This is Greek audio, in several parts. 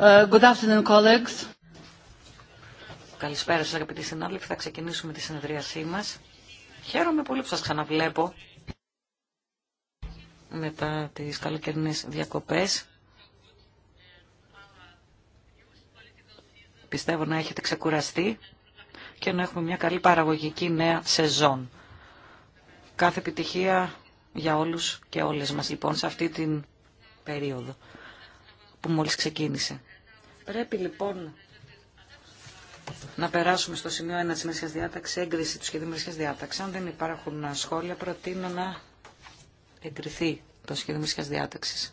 Uh, good afternoon, colleagues. Καλησπέρα σας αγαπητοί συνάδελφοι. Θα ξεκινήσουμε τη συνεδρίασή μας. Χαίρομαι πολύ που σας ξαναβλέπω μετά τις καλοκαιρινές διακοπές. Πιστεύω να έχετε ξεκουραστεί και να έχουμε μια καλή παραγωγική νέα σεζόν. Κάθε επιτυχία για όλους και όλες μας λοιπόν σε αυτή την περίοδο που μόλις ξεκίνησε. Πρέπει λοιπόν να περάσουμε στο σημείο 1 της Μέσιας Διάταξης, έγκριση του σχεδίου Μέσιας Διάταξης. Αν δεν υπάρχουν σχόλια, προτείνω να εγκριθεί το σχέδιο Μέσιας Διάταξης.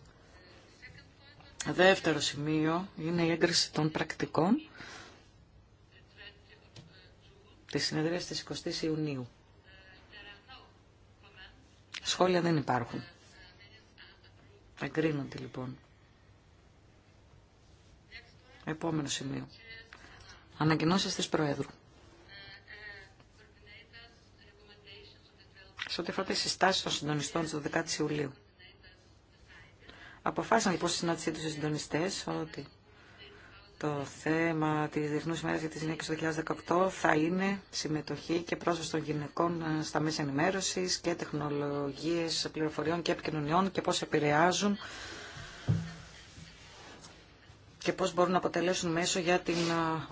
Δεύτερο σημείο είναι η έγκριση των πρακτικών της συνεδρίας της 20 Ιουνίου. Σχόλια δεν υπάρχουν. Εγκρίνονται λοιπόν. Επόμενο σημείο. Ανακοινώσει τη Προέδρου. Σε ό,τι αφορά τι συστάσει των συντονιστών τη 12η Ιουλίου. Αποφάσισαν λοιπόν στη συνάντησή του οι συντονιστέ ότι το θέμα τη Διεθνού ημέρα για τι γυναίκε του 2018 θα είναι συμμετοχή και πρόσβαση των γυναικών ε, στα μέσα ενημέρωση και τεχνολογίε πληροφοριών και επικοινωνιών και πώ επηρεάζουν και πώς μπορούν να αποτελέσουν μέσο για την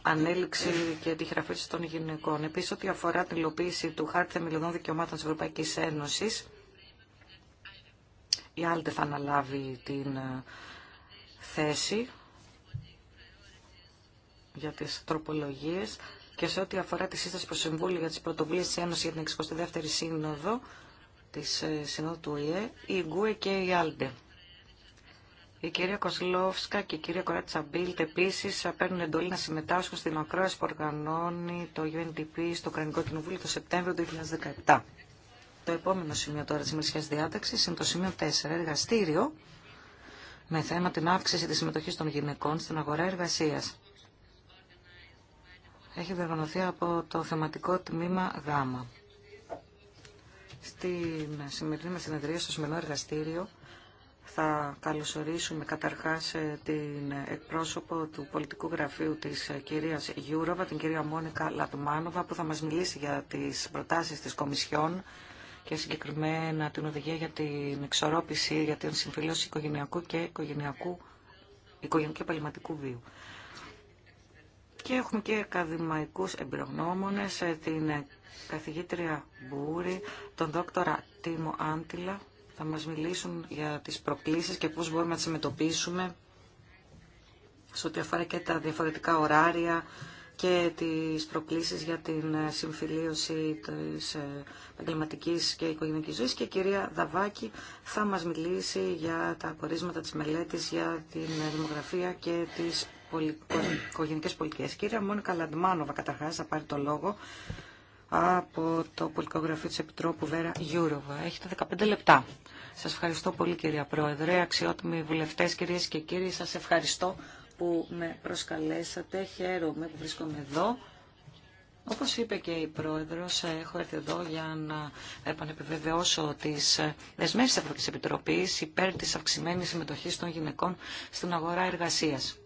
ανέλυξη και τη χειραφέτηση των γυναικών. Επίσης, ό,τι αφορά την υλοποίηση του Χάρτη Θεμελιωδών Δικαιωμάτων της Ευρωπαϊκής Ένωσης, η Άλτε θα αναλάβει την θέση για τις τροπολογίες και σε ό,τι αφορά τη σύσταση προς Συμβούλιο για τις πρωτοβουλίες της Ένωσης για την 62η Σύνοδο της ε, Συνόδου του ΟΗΕ, η Γκουε και η Άλντε η κυρία Κοσλόφσκα και η κυρία Κοράτσα Μπίλτ επίση παίρνουν εντολή να συμμετάσχουν στην ακρόαση που οργανώνει το UNDP στο Ουκρανικό Κοινοβούλιο το Σεπτέμβριο του 2017. Το επόμενο σημείο τώρα τη μερσιά διάταξη είναι το σημείο 4, εργαστήριο με θέμα την αύξηση τη συμμετοχή των γυναικών στην αγορά εργασία. Έχει διοργανωθεί από το θεματικό τμήμα ΓΑΜΑ. Στην σημερινή μα συνεδρία, στο σημερινό εργαστήριο, θα καλωσορίσουμε καταρχάς ε, την εκπρόσωπο του πολιτικού γραφείου της ε, κυρίας Γιούροβα, την κυρία Μόνικα Λατουμάνοβα, που θα μας μιλήσει για τις προτάσεις της Κομισιόν και συγκεκριμένα την οδηγία για την εξορόπηση, για την συμφιλίωση οικογενειακού και οικογενειακού, οικογενειακού επαγγελματικού βίου. Και έχουμε και ακαδημαϊκούς εμπειρογνώμονες, ε, την καθηγήτρια Μπούρη, τον δόκτορα Τίμο Άντιλα, θα μας μιλήσουν για τις προκλήσεις και πώς μπορούμε να τις αντιμετωπίσουμε σε ό,τι αφορά και τα διαφορετικά ωράρια και τις προκλήσεις για την ε, συμφιλίωση της ε, επαγγελματική και οικογενικής ζωής και η κυρία Δαβάκη θα μας μιλήσει για τα απορίσματα της μελέτης για την ε, δημογραφία και τις οικογενικές οικογενειακές πολιτικές. Κυρία Μόνικα Λαντμάνοβα καταρχάς θα πάρει το λόγο από το πολιτικογραφείο της Επιτρόπου Βέρα Γιούροβα. Έχετε 15 λεπτά. Σας ευχαριστώ πολύ κυρία Πρόεδρε, αξιότιμοι βουλευτές, κυρίες και κύριοι. Σας ευχαριστώ που με προσκαλέσατε. Χαίρομαι που βρίσκομαι εδώ. Όπως είπε και η Πρόεδρος, έχω έρθει εδώ για να επανεπιβεβαιώσω τις δεσμεύσεις της Ευρωπαϊκής Επιτροπής υπέρ της αυξημένης συμμετοχής των γυναικών στην αγορά εργασίας.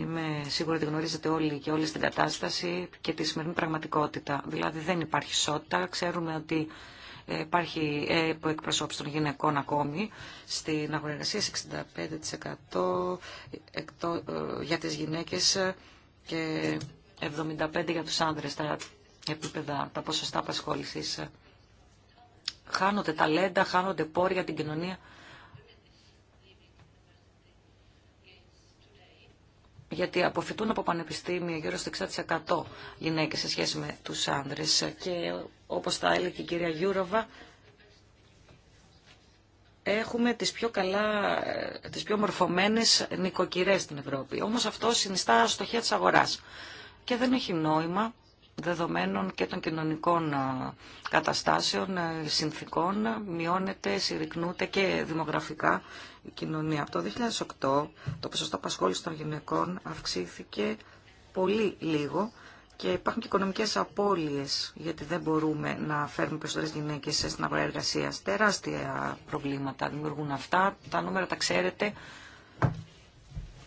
Είμαι σίγουρη ότι γνωρίζετε όλοι και όλες την κατάσταση και τη σημερινή πραγματικότητα. Δηλαδή δεν υπάρχει ισότητα. Ξέρουμε ότι ε, υπάρχει ε, εκπροσώπηση των γυναικών ακόμη στην αγορά 65% ε, για τις γυναίκες και 75% για τους άνδρες τα επίπεδα, τα ποσοστά απασχόλησης. Χάνονται ταλέντα, χάνονται πόρια την κοινωνία γιατί αποφυτούν από πανεπιστήμια γύρω στο 6% γυναίκες σε σχέση με τους άνδρες. Και όπως τα έλεγε η κυρία Γιούροβα, έχουμε τις πιο καλά, τις πιο μορφωμένες νοικοκυρές στην Ευρώπη. Όμως αυτό συνιστά στοχεία της αγοράς. Και δεν έχει νόημα δεδομένων και των κοινωνικών ε, καταστάσεων, ε, συνθήκων, μειώνεται, συρρυκνούται και δημογραφικά η κοινωνία. Από το 2008 το ποσοστό απασχόληση των γυναικών αυξήθηκε πολύ λίγο και υπάρχουν και οικονομικές απώλειες γιατί δεν μπορούμε να φέρουμε περισσότερες γυναίκες στην αγορά εργασίας. Τεράστια προβλήματα δημιουργούν αυτά, τα νούμερα τα ξέρετε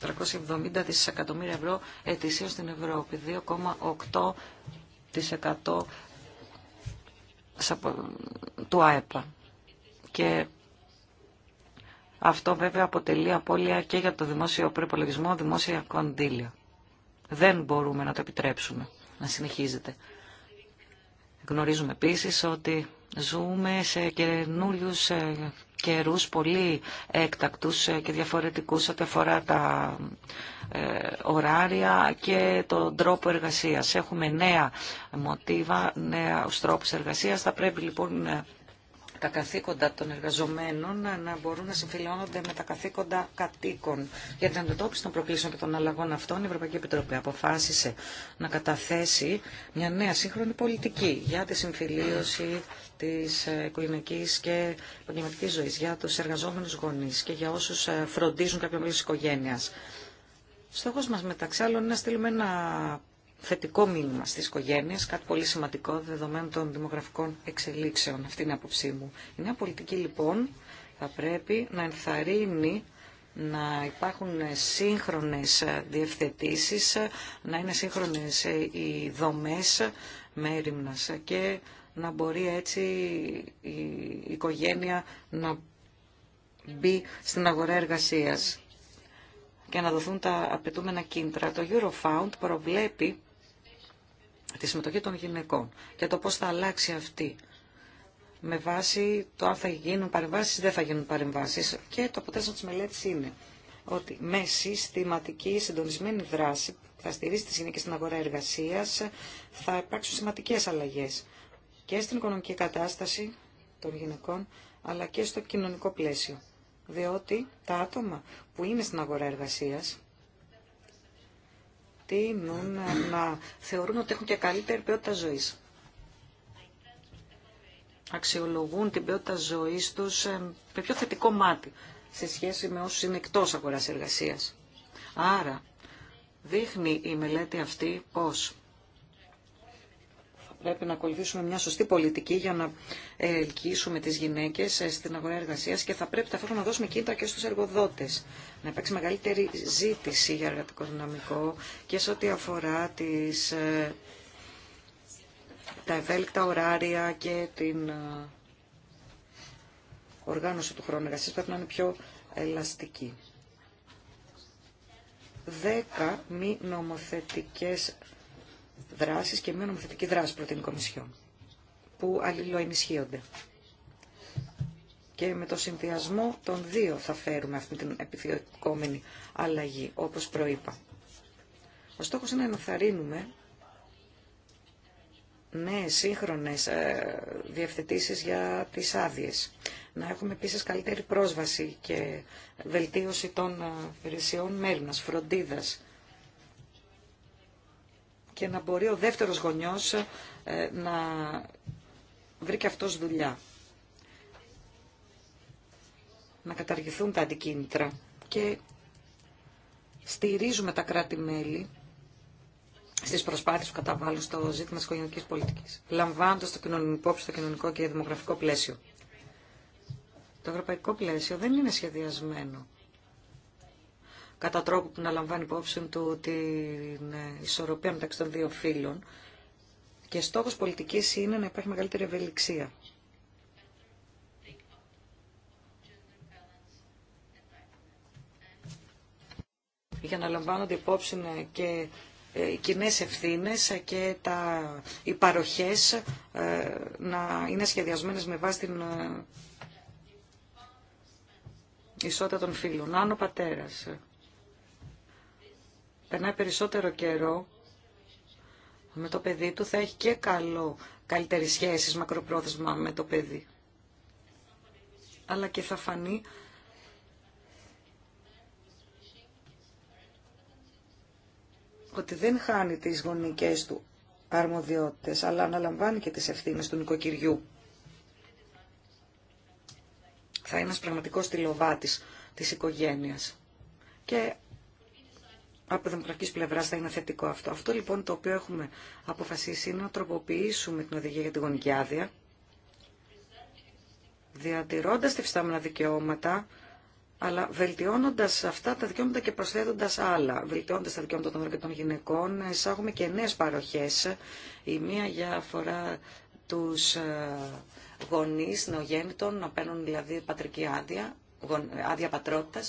370 δισεκατομμύρια ευρώ ετησίως στην Ευρώπη, 2,8% του ΑΕΠΑ. Και αυτό βέβαια αποτελεί απώλεια και για το δημόσιο προπολογισμό, δημόσια κονδύλια. Δεν μπορούμε να το επιτρέψουμε να συνεχίζεται. Γνωρίζουμε επίσης ότι ζούμε σε καινούριου ε, καιρούς πολύ έκτακτους και διαφορετικούς ό,τι αφορά τα ε, ωράρια και τον τρόπο εργασίας. Έχουμε νέα μοτίβα, νέα τρόπους εργασίας. Θα πρέπει λοιπόν ε, τα καθήκοντα των εργαζομένων να μπορούν να συμφιλώνονται με τα καθήκοντα κατοίκων. Για την αντιμετώπιση των προκλήσεων και των αλλαγών αυτών, η Ευρωπαϊκή Επιτροπή αποφάσισε να καταθέσει μια νέα σύγχρονη πολιτική για τη συμφιλίωση της ε, οικογενειακή και επαγγελματική ζωής, για του εργαζόμενου γονεί και για όσου ε, φροντίζουν κάποιο μέλο τη οικογένειας. Στόχος μας μεταξύ άλλων είναι να στείλουμε ένα θετικό μήνυμα στις οικογένειε, κάτι πολύ σημαντικό δεδομένου των δημογραφικών εξελίξεων. Αυτή είναι η άποψή μου. Η νέα πολιτική λοιπόν θα πρέπει να ενθαρρύνει να υπάρχουν σύγχρονες διευθετήσεις, να είναι σύγχρονες οι δομές έρημνας και να μπορεί έτσι η οικογένεια να μπει στην αγορά εργασίας και να δοθούν τα απαιτούμενα κίνητρα. Το Eurofound προβλέπει τη συμμετοχή των γυναικών και το πώς θα αλλάξει αυτή με βάση το αν θα γίνουν παρεμβάσεις ή δεν θα γίνουν παρεμβάσεις. Και το αποτέλεσμα της μελέτης είναι ότι με συστηματική συντονισμένη δράση που θα στηρίζει τις γυναίκες στην αγορά εργασίας θα υπάρξουν σημαντικές αλλαγές και στην οικονομική κατάσταση των γυναικών αλλά και στο κοινωνικό πλαίσιο. Διότι τα άτομα που είναι στην αγορά εργασίας τείνουν να θεωρούν ότι έχουν και καλύτερη ποιότητα ζωής. Αξιολογούν την ποιότητα ζωής τους ε, με πιο θετικό μάτι σε σχέση με όσους είναι εκτός αγοράς εργασίας. Άρα, δείχνει η μελέτη αυτή πως πρέπει να ακολουθήσουμε μια σωστή πολιτική για να ελκύσουμε τις γυναίκες ε, στην αγορά εργασίας και θα πρέπει ταυτόχρονα να δώσουμε κίνητρα και στους εργοδότες. Να υπάρξει μεγαλύτερη ζήτηση για εργατικό δυναμικό και σε ό,τι αφορά τις, ε, τα ευέλικτα ωράρια και την ε, οργάνωση του χρόνου εργασίας πρέπει να είναι πιο ελαστική. Δέκα μη νομοθετικές δράσεις και μια νομοθετική δράση προ την Κομισιόν, που αλληλοενισχύονται. Και με το συνδυασμό των δύο θα φέρουμε αυτή την επιδιωκόμενη αλλαγή, όπως προείπα. Ο στόχος είναι να ενθαρρύνουμε νέες σύγχρονες ε, διευθετήσεις για τις άδειες. Να έχουμε επίσης καλύτερη πρόσβαση και βελτίωση των ε, υπηρεσιών μέρημνας, φροντίδας, και να μπορεί ο δεύτερος γονιός ε, να βρει και αυτός δουλειά. Να καταργηθούν τα αντικίνητρα και στηρίζουμε τα κράτη-μέλη στις προσπάθειες που καταβάλουν στο ζήτημα της οικογενειακής πολιτικής, λαμβάνοντας το κοινωνικό υπόψη, το κοινωνικό και δημογραφικό πλαίσιο. Το ευρωπαϊκό πλαίσιο δεν είναι σχεδιασμένο κατά τρόπο που να λαμβάνει υπόψη του την ε, ισορροπία μεταξύ των δύο φύλων. Και στόχος πολιτικής είναι να υπάρχει μεγαλύτερη ευελιξία. για να λαμβάνονται υπόψη ε, και ε, οι κοινέ ευθύνε και τα, οι παροχές να είναι σχεδιασμένες με βάση την ισότητα των φίλων. ο πατέρας περνάει περισσότερο καιρό με το παιδί του, θα έχει και καλό, καλύτερη σχέση μακροπρόθεσμα με το παιδί. Αλλά και θα φανεί ότι δεν χάνει τις γονικές του αρμοδιότητες, αλλά αναλαμβάνει και τις ευθύνες του νοικοκυριού. Θα είναι ένας πραγματικός τηλοβάτης της οικογένειας. Και από δημοκρατική πλευρά θα είναι θετικό αυτό. Αυτό λοιπόν το οποίο έχουμε αποφασίσει είναι να τροποποιήσουμε την οδηγία για τη γονική άδεια, διατηρώντας τη φυστάμενα δικαιώματα, αλλά βελτιώνοντα αυτά τα δικαιώματα και προσθέτοντα άλλα. Βελτιώνοντα τα δικαιώματα των και των γυναικών, εισάγουμε και νέε παροχέ. Η μία για αφορά του ε, γονεί νεογέννητων, να παίρνουν δηλαδή πατρική άδεια, ε, άδεια πατρότητα,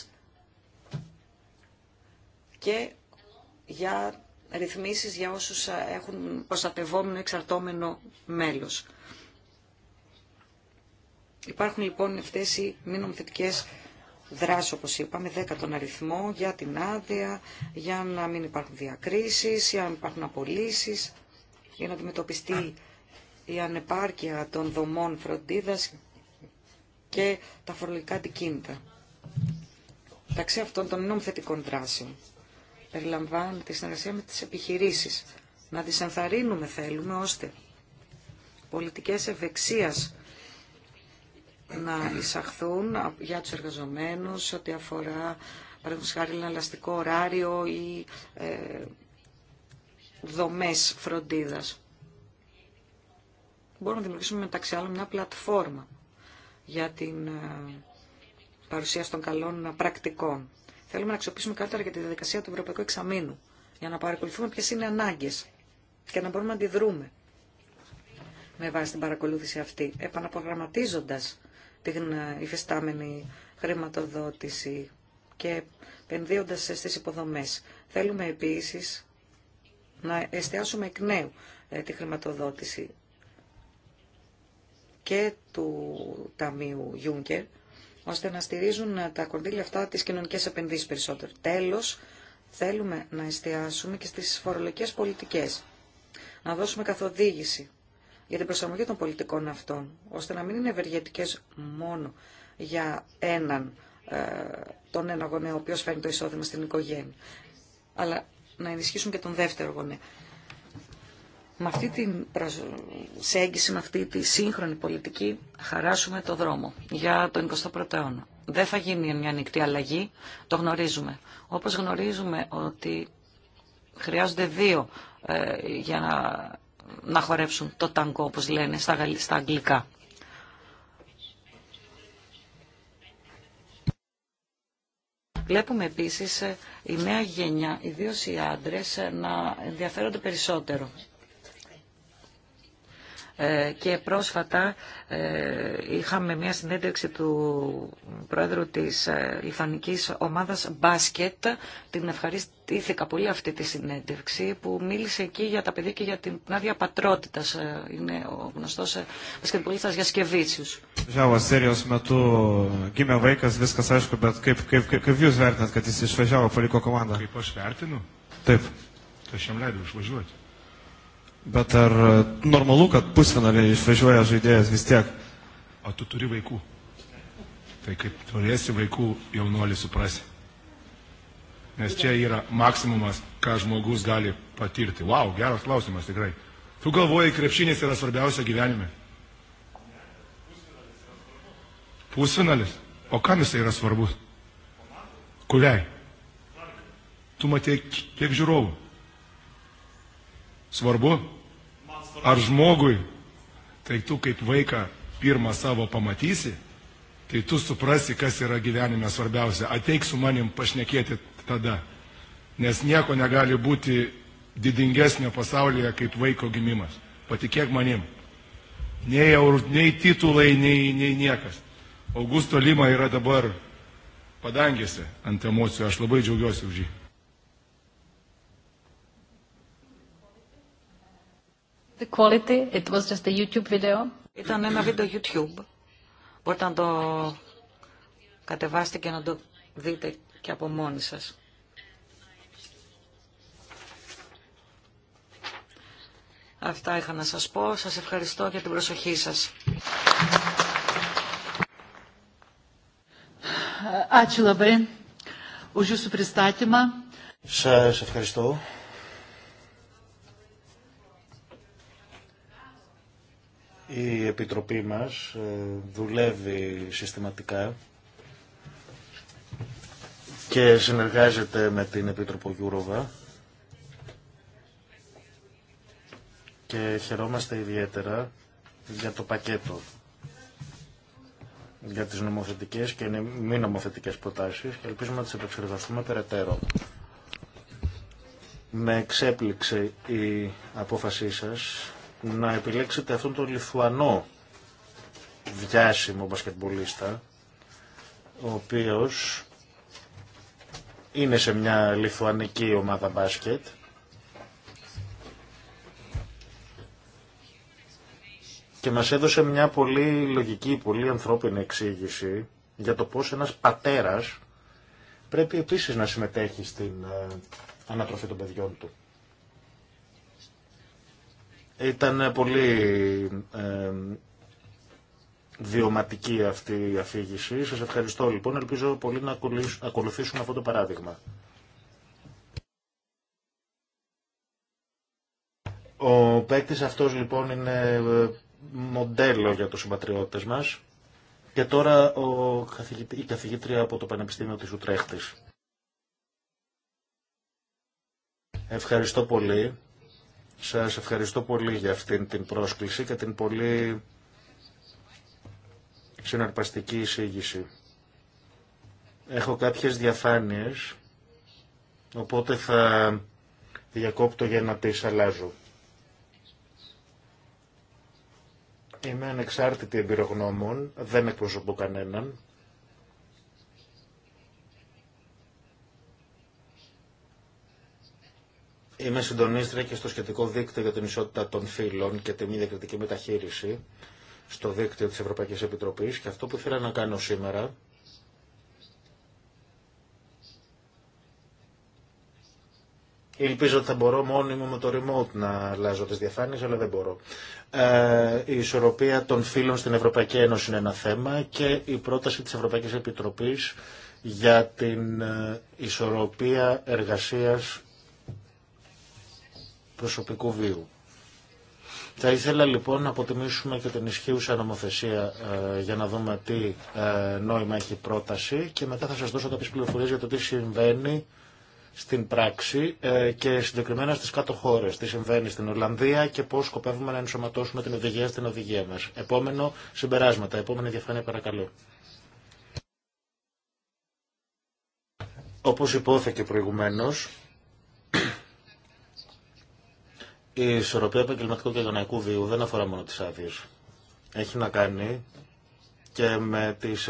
και για ρυθμίσεις για όσους έχουν προστατευόμενο εξαρτώμενο μέλος. Υπάρχουν λοιπόν αυτές οι μη νομοθετικές δράσεις όπως είπαμε, 10 τον αριθμό για την άδεια, για να μην υπάρχουν διακρίσεις, για να μην υπάρχουν απολύσεις, για να αντιμετωπιστεί η ανεπάρκεια των δομών φροντίδας και τα φορολογικά αντικίνητα. Ταξί αυτών των νομοθετικών δράσεων περιλαμβάνει τη συνεργασία με τις επιχειρήσεις. Να τις ενθαρρύνουμε θέλουμε ώστε πολιτικές ευεξίας να εισαχθούν για τους εργαζομένους ό,τι αφορά παραδείγματος χάρη ένα ελαστικό ωράριο ή ε, δομές φροντίδας. Μπορούμε να δημιουργήσουμε μεταξύ άλλων μια πλατφόρμα για την ε, παρουσία των καλών πρακτικών. Θέλουμε να αξιοποιήσουμε καλύτερα για τη διαδικασία του Ευρωπαϊκού Εξαμήνου, για να παρακολουθούμε ποιε είναι οι ανάγκε και να μπορούμε να αντιδρούμε με βάση την παρακολούθηση αυτή, επαναπρογραμματίζοντα την ε, υφιστάμενη χρηματοδότηση και επενδύοντα στι υποδομέ. Θέλουμε επίση να εστιάσουμε εκ νέου ε, τη χρηματοδότηση και του Ταμείου Juncker ώστε να στηρίζουν τα κονδύλια αυτά τις κοινωνικές επενδύσεις περισσότερο. Τέλος, θέλουμε να εστιάσουμε και στις φορολογικές πολιτικές. Να δώσουμε καθοδήγηση για την προσαρμογή των πολιτικών αυτών, ώστε να μην είναι ευεργετικέ μόνο για έναν, ε, τον ένα γονέα, ο οποίος φέρνει το εισόδημα στην οικογένεια, αλλά να ενισχύσουν και τον δεύτερο γονέα. Με αυτή την σέγγιση, με αυτή τη σύγχρονη πολιτική, χαράσουμε το δρόμο για τον 21ο αιώνα. Δεν θα γίνει μια ανοιχτή αλλαγή, το γνωρίζουμε. Όπως γνωρίζουμε ότι χρειάζονται δύο ε, για να, να το ταγκό, όπως λένε στα, στα αγγλικά. Βλέπουμε επίσης ε, η νέα γενιά, ιδίως οι άντρες, ε, να ενδιαφέρονται περισσότερο ε, και πρόσφατα ε, είχαμε μια συνέντευξη του πρόεδρου της λιθανικής ε, ομάδας μπάσκετ. Την ευχαριστήθηκα πολύ αυτή τη συνέντευξη που μίλησε εκεί για τα παιδιά και για την άδεια πατρότητα, Είναι ο γνωστός μπασκετπολίστας για Kaip Bet ar normalu, kad pusfinaliai išvažiuoja žaidėjas vis tiek? O tu turi vaikų. Tai kaip turėsi vaikų, jaunuolį suprasi. Nes čia yra maksimumas, ką žmogus gali patirti. Vau, wow, geras klausimas tikrai. Tu galvoji, krepšinės yra svarbiausia gyvenime? Pusfinalis? O kam jisai yra svarbus? Kuriai? Tu matė, kiek žiūrovų? Svarbu? ar žmogui, tai tu kaip vaiką pirmą savo pamatysi, tai tu suprasi, kas yra gyvenime svarbiausia. Ateik su manim pašnekėti tada, nes nieko negali būti didingesnio pasaulyje kaip vaiko gimimas. Patikėk manim. Nei, nei titulai, nei, nei niekas. Augusto Lima yra dabar padangėse ant emocijų, aš labai džiaugiuosi už jį. The Ήταν ένα βίντεο YouTube. Μπορείτε να το κατεβάσετε και να το δείτε και από μόνοι σας. Αυτά είχα να σας πω. Σας ευχαριστώ για την προσοχή σας. Σας ευχαριστώ Η Επιτροπή μας ε, δουλεύει συστηματικά και συνεργάζεται με την Επίτροπο Γιούροβα και χαιρόμαστε ιδιαίτερα για το πακέτο για τις νομοθετικές και μη νομοθετικές προτάσεις και ελπίζουμε να τις επεξεργαστούμε περαιτέρω. Με εξέπληξε η απόφασή σας να επιλέξετε αυτόν τον Λιθουανό διάσημο μπασκετμπολίστα, ο οποίος είναι σε μια λιθουανική ομάδα μπάσκετ. Και μας έδωσε μια πολύ λογική, πολύ ανθρώπινη εξήγηση για το πώς ένας πατέρας πρέπει επίσης να συμμετέχει στην ε, ανατροφή των παιδιών του. Ήταν πολύ ε, βιωματική αυτή η αφήγηση. Σας ευχαριστώ λοιπόν. Ελπίζω πολύ να ακολουθήσουμε αυτό το παράδειγμα. Ο παίκτη αυτός λοιπόν είναι ε, μοντέλο για τους συμπατριώτες μας. Και τώρα ο, η καθηγήτρια από το Πανεπιστήμιο της Ουτρέχτης. Ευχαριστώ πολύ. Σας ευχαριστώ πολύ για αυτήν την πρόσκληση και την πολύ συναρπαστική εισήγηση. Έχω κάποιες διαφάνειες, οπότε θα διακόπτω για να τις αλλάζω. Είμαι ανεξάρτητη εμπειρογνώμων, δεν εκπροσωπώ κανέναν. Είμαι συντονίστρια και στο σχετικό δίκτυο για την ισότητα των φύλων και τη μη διακριτική μεταχείριση στο δίκτυο της Ευρωπαϊκής Επιτροπής και αυτό που ήθελα να κάνω σήμερα Ελπίζω ότι θα μπορώ μόνιμο με το remote να αλλάζω τις διαφάνειες, αλλά δεν μπορώ. Ε, η ισορροπία των φύλων στην Ευρωπαϊκή Ένωση είναι ένα θέμα και η πρόταση της Ευρωπαϊκής Επιτροπής για την ε, ισορροπία εργασίας προσωπικού βίου. Θα ήθελα λοιπόν να αποτιμήσουμε και την ισχύουσα νομοθεσία ε, για να δούμε τι ε, νόημα έχει η πρόταση και μετά θα σας δώσω κάποιες πληροφορίες για το τι συμβαίνει στην πράξη ε, και συγκεκριμένα στις κάτω χώρες, τι συμβαίνει στην Ολλανδία και πώς σκοπεύουμε να ενσωματώσουμε την οδηγία στην οδηγία μας. Επόμενο συμπεράσματα, επόμενη διαφάνεια παρακαλώ. Όπως υπόθεκε προηγουμένως, Η ισορροπία επαγγελματικού και γονεϊκού βίου δεν αφορά μόνο τις άδειε. Έχει να κάνει και με τις,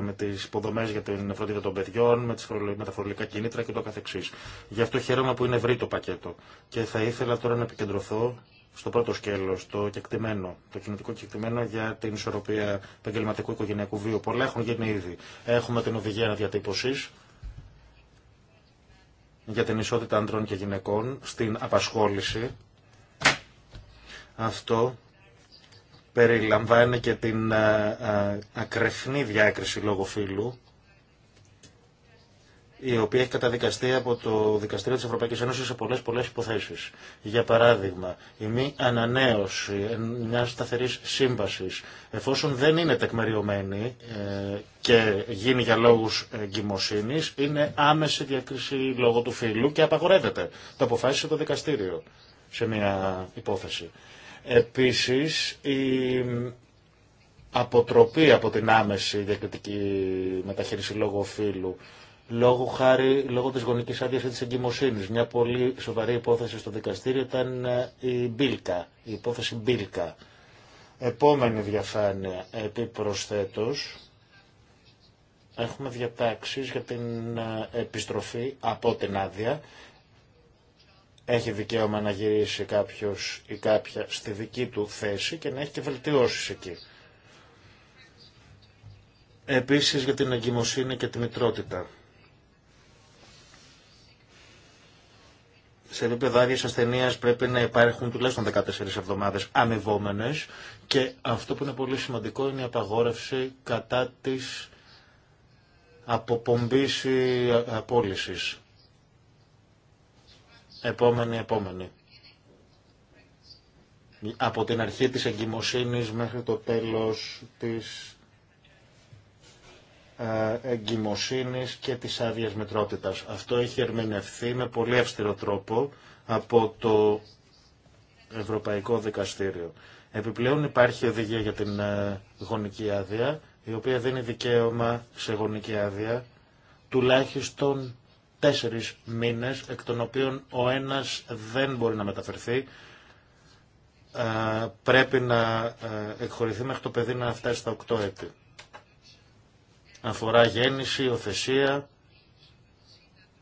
με τις υποδομές για την φροντίδα των παιδιών, με, τις, με τα φορολογικά κινήτρα και το καθεξής. Γι' αυτό χαίρομαι που είναι ευρύ το πακέτο. Και θα ήθελα τώρα να επικεντρωθώ στο πρώτο σκέλο, το κεκτημένο, το κοινωτικό κεκτημένο για την ισορροπία επαγγελματικού οικογενειακού βίου. Πολλά έχουν γίνει ήδη. Έχουμε την οδηγία αναδιατύπωση για την ισότητα ανδρών και γυναικών στην απασχόληση αυτό περιλαμβάνει και την ε, ε, ακρεφνή διάκριση λόγω φύλου, η οποία έχει καταδικαστεί από το Δικαστήριο της Ευρωπαϊκής Ένωσης σε πολλές πολλές υποθέσεις. Για παράδειγμα, η μη ανανέωση μιας σταθερής σύμβασης, εφόσον δεν είναι τεκμεριωμένη ε, και γίνει για λόγους εγκυμοσύνης, είναι άμεση διακρίση λόγω του φύλου και απαγορεύεται. Το αποφάσισε το δικαστήριο σε μια υπόθεση. Επίσης, η αποτροπή από την άμεση διακριτική μεταχείριση λόγω φύλου, λόγω, χάρη, λόγω της γονικής άδειας ή της εγκυμοσύνης. Μια πολύ σοβαρή υπόθεση στο δικαστήριο ήταν ε, η Μπίλκα, η υπόθεση Μπίλκα. Επόμενη διαφάνεια, επί προσθέτως, έχουμε διατάξεις για την ε, επιστροφή από την άδεια έχει δικαίωμα να γυρίσει κάποιος ή κάποια στη δική του θέση και να έχει και βελτιώσεις εκεί. Επίσης για την εγκυμοσύνη και τη μητρότητα. σε επίπεδο άδεια ασθενεία πρέπει να υπάρχουν τουλάχιστον 14 εβδομάδε αμοιβόμενε και αυτό που είναι πολύ σημαντικό είναι η απαγόρευση κατά τη αποπομπή ή απόλυση. Επόμενη, επόμενη. Από την αρχή της εγκυμοσύνης μέχρι το τέλος της ε, εγκυμοσύνης και της άδεια μετρότητας. Αυτό έχει ερμηνευθεί με πολύ αυστηρό τρόπο από το Ευρωπαϊκό Δικαστήριο. Επιπλέον υπάρχει οδηγία για την ε, γονική άδεια, η οποία δίνει δικαίωμα σε γονική άδεια τουλάχιστον τέσσερις μήνες, εκ των οποίων ο ένας δεν μπορεί να μεταφερθεί, ε, πρέπει να ε, εκχωρηθεί μέχρι το παιδί να φτάσει στα 8 έτη. Αφορά γέννηση, οθεσία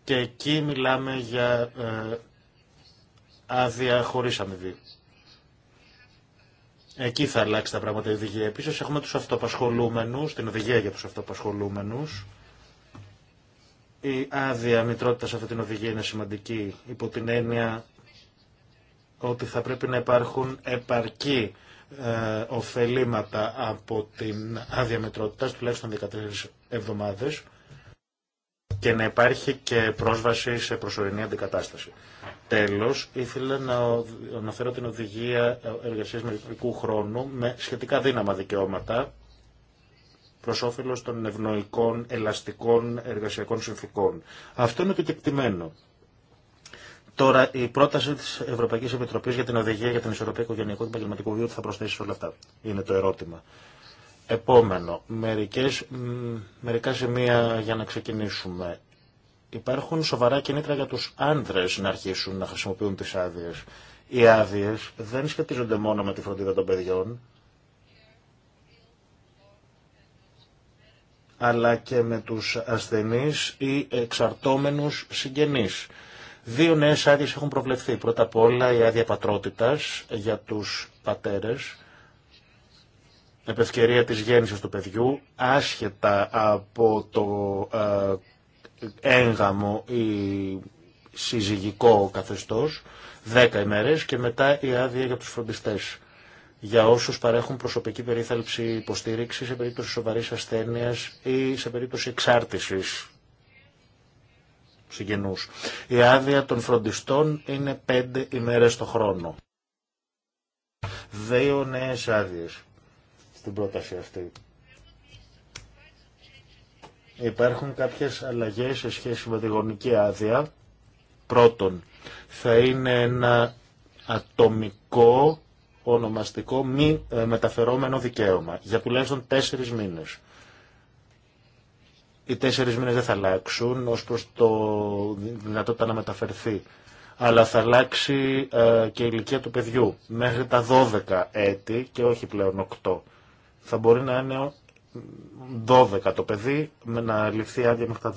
και εκεί μιλάμε για ε, άδεια χωρίς αμοιβή. Εκεί θα αλλάξει τα πράγματα η οδηγία. Επίσης έχουμε τους αυτοπασχολούμενους, την οδηγία για τους αυτοπασχολούμενους, η άδεια μητρότητα σε αυτή την οδηγία είναι σημαντική υπό την έννοια ότι θα πρέπει να υπάρχουν επαρκή ε, ωφελήματα από την άδεια μητρότητα, τουλάχιστον 13 εβδομάδες, και να υπάρχει και πρόσβαση σε προσωρινή αντικατάσταση. Τέλος, ήθελα να αναφέρω την οδηγία ε, εργασίας μερικού χρόνου με σχετικά δύναμα δικαιώματα προ όφελο των ευνοϊκών, ελαστικών εργασιακών συνθήκων. Αυτό είναι το κεκτημένο. Τώρα, η πρόταση τη Ευρωπαϊκή Επιτροπή για την Οδηγία για την Ισορροπία Οικογενειακού και Επαγγελματικού Βίου θα προσθέσει όλα αυτά. Είναι το ερώτημα. Επόμενο, μερικές, μερικά σημεία για να ξεκινήσουμε. Υπάρχουν σοβαρά κινήτρα για τους άντρε να αρχίσουν να χρησιμοποιούν τις άδειες. Οι άδειε δεν σχετίζονται μόνο με τη φροντίδα των παιδιών, αλλά και με τους ασθενείς ή εξαρτώμενους συγγενείς. Δύο νέες άδειες έχουν προβλεφθεί. Πρώτα απ' όλα η άδεια πατρότητας για τους πατέρες, επευκαιρία της γέννησης του παιδιού, άσχετα από το ε, έγγαμο ή συζυγικό καθεστώς, 10 ημέρες και μετά η συζυγικο καθεστως δεκα ημερες και μετα η αδεια για τους φροντιστές για όσους παρέχουν προσωπική περίθαλψη υποστήριξη σε περίπτωση σοβαρής ασθένειας ή σε περίπτωση εξάρτησης συγγενούς. Η άδεια των φροντιστών είναι πέντε ημέρες το χρόνο. Δύο νέες άδειες στην πρόταση αυτή. Υπάρχουν κάποιες αλλαγές σε σχέση με τη γονική άδεια. Πρώτον, θα είναι ένα ατομικό ονομαστικό μη ε, μεταφερόμενο δικαίωμα για τουλάχιστον τέσσερι μήνε. Οι τέσσερις μήνε δεν θα αλλάξουν ω προ το δυνατότητα να μεταφερθεί αλλά θα αλλάξει ε, και η ηλικία του παιδιού μέχρι τα 12 έτη και όχι πλέον 8. Θα μπορεί να είναι 12 το παιδί, με να ληφθεί άδεια μέχρι τα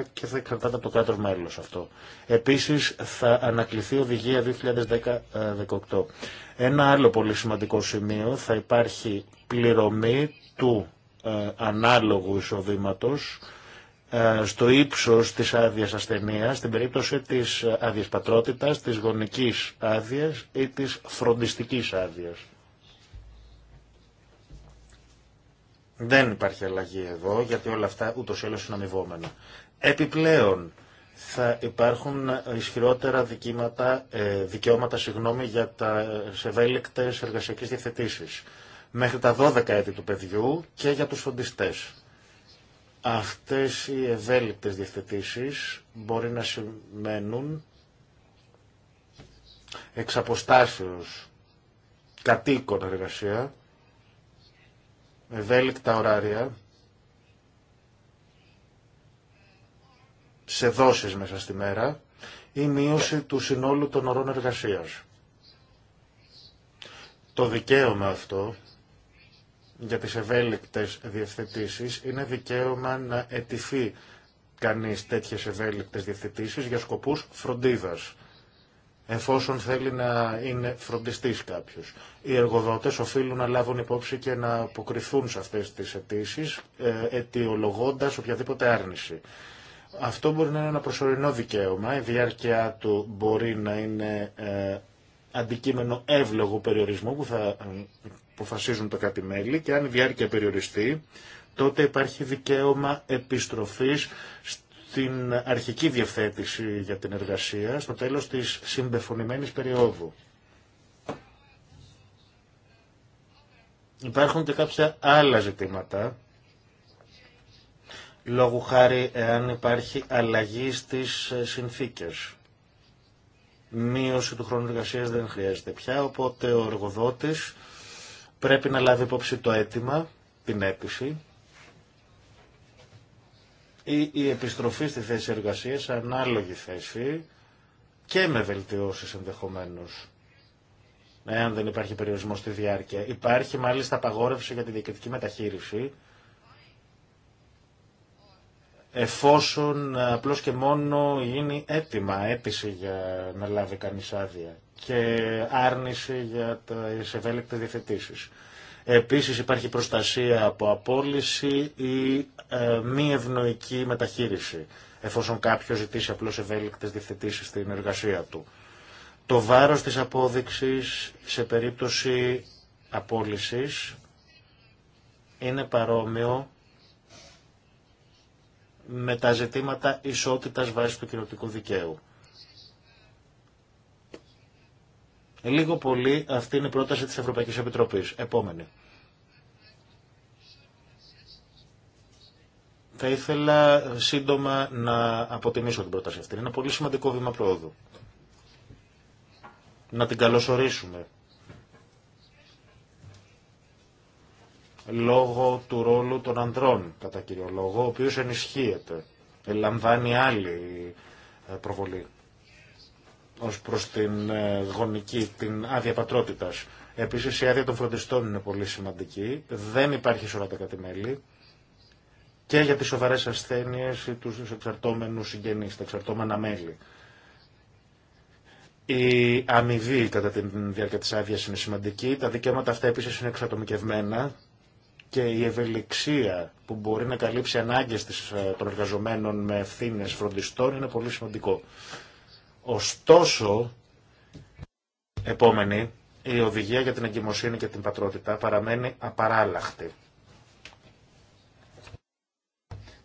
12 και θα εκκρατάται από το κράτο μέλο αυτό. Επίση θα ανακληθεί οδηγία 2018. Ε, Ένα άλλο πολύ σημαντικό σημείο θα υπάρχει πληρωμή του ε, ανάλογου εισοδήματο ε, στο ύψος της άδειας ασθενείας, στην περίπτωση της άδειας πατρότητας, της γονικής άδειας ή της φροντιστικής άδειας. Δεν υπάρχει αλλαγή εδώ, γιατί όλα αυτά ούτως ή άλλως είναι αμοιβόμενα. Επιπλέον, θα υπάρχουν ισχυρότερα ε, δικαιώματα συγγνώμη, για τα ευέλικτες εργασιακές διευθετήσεις. Μέχρι τα 12 έτη του παιδιού και για τους φοντιστές. Αυτές οι ευέλικτες διευθετήσεις μπορεί να σημαίνουν εξ αποστάσεως κατοίκων εργασία, ευέλικτα ωράρια σε δόσεις μέσα στη μέρα ή μείωση του συνόλου των ωρών εργασίας. Το δικαίωμα αυτό για τις ευέλικτες διευθετήσεις είναι δικαίωμα να ετηθεί κανείς τέτοιες ευέλικτες διευθετήσεις για σκοπούς φροντίδας εφόσον θέλει να είναι φροντιστής κάποιος. Οι εργοδότες οφείλουν να λάβουν υπόψη και να αποκριθούν σε αυτές τις αιτήσει, ε, αιτιολογώντας οποιαδήποτε άρνηση. Αυτό μπορεί να είναι ένα προσωρινό δικαίωμα, η διάρκεια του μπορεί να είναι ε, αντικείμενο εύλογου περιορισμού που θα ε, αποφασίζουν τα κάτι μέλη και αν η διάρκεια περιοριστεί, τότε υπάρχει δικαίωμα επιστροφής την αρχική διευθέτηση για την εργασία στο τέλος της συμπεφωνημένης περίοδου. Υπάρχουν και κάποια άλλα ζητήματα, λόγου χάρη εάν υπάρχει αλλαγή στις συνθήκες. Μείωση του χρόνου εργασίας δεν χρειάζεται πια, οπότε ο εργοδότης πρέπει να λάβει υπόψη το αίτημα, την αίτηση, ή η επιστροφή στη θέση εργασία σε ανάλογη θέση και με βελτιώσεις ενδεχομένως. Εάν δεν υπάρχει περιορισμό στη διάρκεια. Υπάρχει μάλιστα απαγόρευση για τη διοικητική μεταχείριση εφόσον απλώς και μόνο γίνει έτοιμα, αίτηση για να λάβει κανείς άδεια και άρνηση για τα ευέλικτες διευθετήσεις. Επίσης υπάρχει προστασία από απόλυση ή ε, μη ευνοϊκή μεταχείριση, εφόσον κάποιος ζητήσει απλώς ευέλικτες διευθετήσεις στην εργασία του. Το βάρος της απόδειξης σε περίπτωση απόλυσης είναι παρόμοιο με τα ζητήματα ισότητας βάσης του κοινωτικού δικαίου. Λίγο πολύ αυτή είναι η πρόταση της Ευρωπαϊκής Επιτροπής. Επόμενη. Θα ήθελα σύντομα να αποτιμήσω την πρόταση αυτή. Είναι ένα πολύ σημαντικό βήμα πρόοδου. Να την καλωσορίσουμε. Λόγω του ρόλου των ανδρών, κατά κύριο λόγο, ο οποίος ενισχύεται, Ελαμβάνει άλλη ε, προβολή ως προς την ε, γονική, την άδεια πατρότητας. Επίσης η άδεια των φροντιστών είναι πολύ σημαντική. Δεν υπάρχει σωρά τα κατημέλη και για τις σοβαρές ασθένειες ή τους εξαρτώμενους συγγενείς, τα εξαρτώμενα μέλη. Η αμοιβή κατά τη διάρκεια της άδεια είναι σημαντική. Τα δικαιώματα αυτά επίσης είναι εξατομικευμένα και η ευελιξία που μπορεί να καλύψει ανάγκες ε, των εργαζομένων με ευθύνε φροντιστών είναι πολύ σημαντικό. Ωστόσο, επόμενη, η οδηγία για την εγκυμοσύνη και την πατρότητα παραμένει απαράλλαχτη.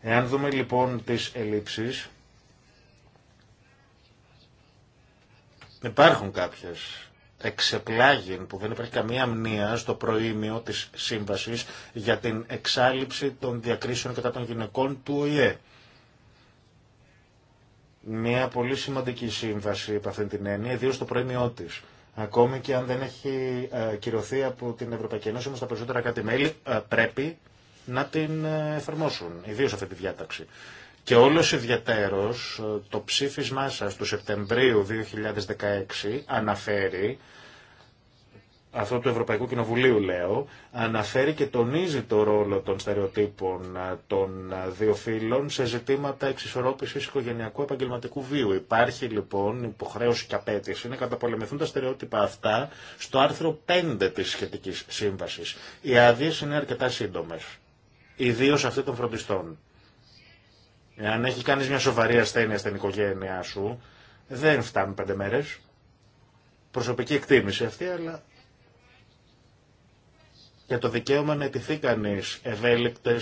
Εάν δούμε λοιπόν τις ελλείψεις, υπάρχουν κάποιες εξεπλάγει που δεν υπάρχει καμία αμνία στο προήμιο της σύμβασης για την εξάλληψη των διακρίσεων κατά των γυναικών του ΟΗΕ. Μια πολύ σημαντική σύμβαση από αυτήν την έννοια, ιδίω το πρέμιό τη. Ακόμη και αν δεν έχει ε, κυρωθεί από την Ευρωπαϊκή Ένωση, όμω τα περισσότερα κάτι μέλη ε, πρέπει να την ε, εφαρμόσουν, ιδίω αυτή τη διάταξη. Και όλος ιδιαίτερο το ψήφισμά σα του Σεπτεμβρίου 2016 αναφέρει αυτό του Ευρωπαϊκού Κοινοβουλίου λέω, αναφέρει και τονίζει το ρόλο των στερεοτύπων των δύο φύλων σε ζητήματα εξισορρόπησης οικογενειακού επαγγελματικού βίου. Υπάρχει λοιπόν υποχρέωση και απέτηση να καταπολεμηθούν τα στερεότυπα αυτά στο άρθρο 5 της σχετικής σύμβασης. Οι άδειε είναι αρκετά σύντομες, ιδίω αυτή των φροντιστών. Αν έχει κάνει μια σοβαρή ασθένεια στην οικογένειά σου, δεν φτάνουν πέντε μέρες. Προσωπική εκτίμηση αυτή, αλλά για το δικαίωμα να ετηθεί κανεί ευέλικτε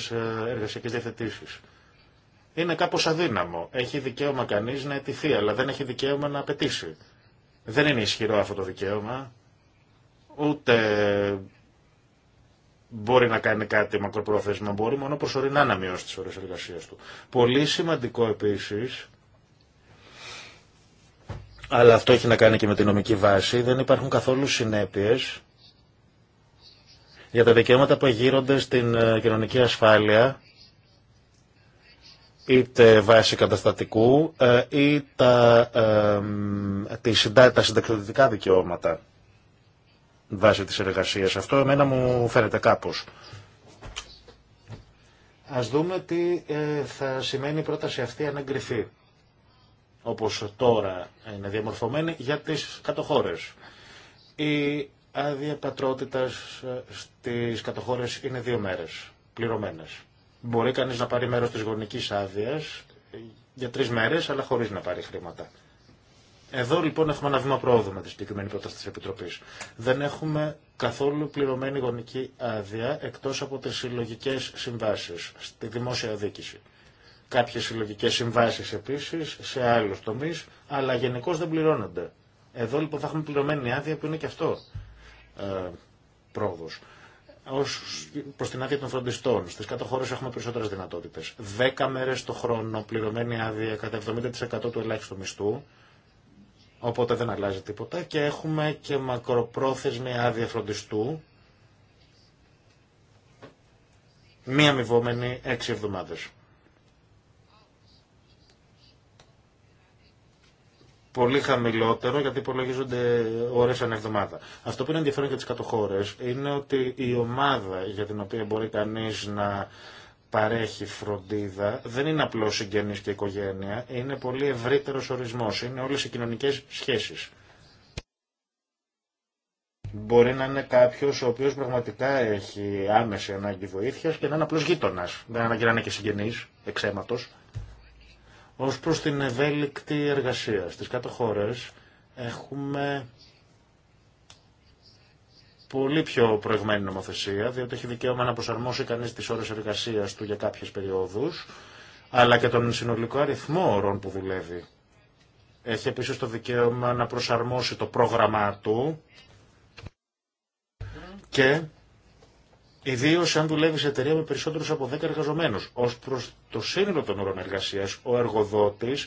εργασιακέ διαθετήσει. Είναι κάπω αδύναμο. Έχει δικαίωμα κανεί να ετηθεί, αλλά δεν έχει δικαίωμα να απαιτήσει. Δεν είναι ισχυρό αυτό το δικαίωμα. Ούτε μπορεί να κάνει κάτι μακροπρόθεσμα, μπορεί μόνο προσωρινά να μειώσει τι ώρε εργασία του. Πολύ σημαντικό επίση, αλλά αυτό έχει να κάνει και με τη νομική βάση, δεν υπάρχουν καθόλου συνέπειες για τα δικαιώματα που εγείρονται στην ε, κοινωνική ασφάλεια, είτε βάση καταστατικού ε, ή τα, ε, τα δικαιώματα βάσει της εργασίας. Αυτό εμένα μου φαίνεται κάπως. Ας δούμε τι ε, θα σημαίνει η πρόταση αυτή αν εγκριθεί, όπως τώρα είναι διαμορφωμένη, για τις κατοχώρες. Η άδεια πατρότητα ε, στι κατοχώρε είναι δύο μέρε πληρωμένε. Μπορεί κανεί να πάρει μέρο τη γονική άδεια ε, για τρει μέρε, αλλά χωρί να πάρει χρήματα. Εδώ λοιπόν έχουμε ένα βήμα πρόοδου με τη συγκεκριμένη πρόταση τη Επιτροπή. Δεν έχουμε καθόλου πληρωμένη γονική άδεια εκτό από τι συλλογικέ συμβάσει στη δημόσια δίκηση. Κάποιε συλλογικέ συμβάσει επίση σε άλλου τομεί, αλλά γενικώ δεν πληρώνονται. Εδώ λοιπόν θα έχουμε πληρωμένη άδεια που είναι και αυτό ε, πρόοδος. την άδεια των φροντιστών, στις κάτω έχουμε περισσότερες δυνατότητες. Δέκα μέρες το χρόνο πληρωμένη άδεια κατά 70% του ελάχιστου μισθού, οπότε δεν αλλάζει τίποτα και έχουμε και μακροπρόθεσμη άδεια φροντιστού, μία αμοιβόμενη έξι εβδομάδες. πολύ χαμηλότερο γιατί υπολογίζονται ώρε ανά εβδομάδα. Αυτό που είναι ενδιαφέρον για τι κατοχώρε είναι ότι η ομάδα για την οποία μπορεί κανεί να παρέχει φροντίδα δεν είναι απλώ συγγενή και οικογένεια, είναι πολύ ευρύτερο ορισμό. Είναι όλε οι κοινωνικέ σχέσει. Μπορεί να είναι κάποιο ο οποίο πραγματικά έχει άμεση ανάγκη βοήθεια και να είναι απλό γείτονα. Δεν αναγκαίνει να είναι και συγγενή εξαίματο. Ως προς την ευέλικτη εργασία στις κάτω χώρες έχουμε πολύ πιο προηγμένη νομοθεσία, διότι έχει δικαίωμα να προσαρμόσει κανείς τις ώρες εργασίας του για κάποιες περιόδους, αλλά και τον συνολικό αριθμό ώρων που δουλεύει. Έχει επίσης το δικαίωμα να προσαρμόσει το πρόγραμμά του και Ιδίω αν δουλεύει σε εταιρεία με περισσότερου από 10 εργαζομένου. Ω προ το σύνολο των ορών εργασία, ο εργοδότη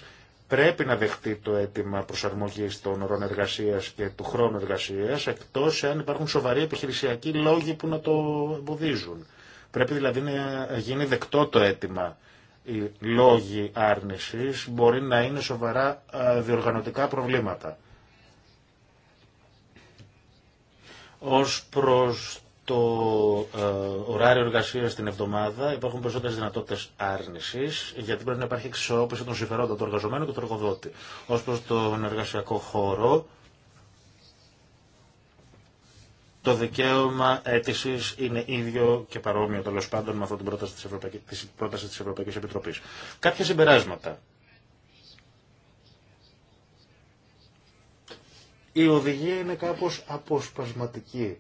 πρέπει να δεχτεί το αίτημα προσαρμογή των ορών εργασία και του χρόνου εργασία, εκτό εάν υπάρχουν σοβαροί επιχειρησιακοί λόγοι που να το εμποδίζουν. Πρέπει δηλαδή να γίνει δεκτό το αίτημα. Οι λόγοι άρνηση μπορεί να είναι σοβαρά διοργανωτικά προβλήματα. Ως προς το ε, ωράριο εργασία την εβδομάδα υπάρχουν περισσότερε δυνατότητε άρνηση, γιατί πρέπει να υπάρχει εξισορρόπηση των συμφερόντων του εργαζομένου και του εργοδότη. Ω προ τον εργασιακό χώρο, το δικαίωμα αίτηση είναι ίδιο και παρόμοιο τέλο πάντων με αυτή την πρόταση τη Ευρωπαϊκή της Ευρωπαϊκής Επιτροπή. Κάποια συμπεράσματα. Η οδηγία είναι κάπως αποσπασματική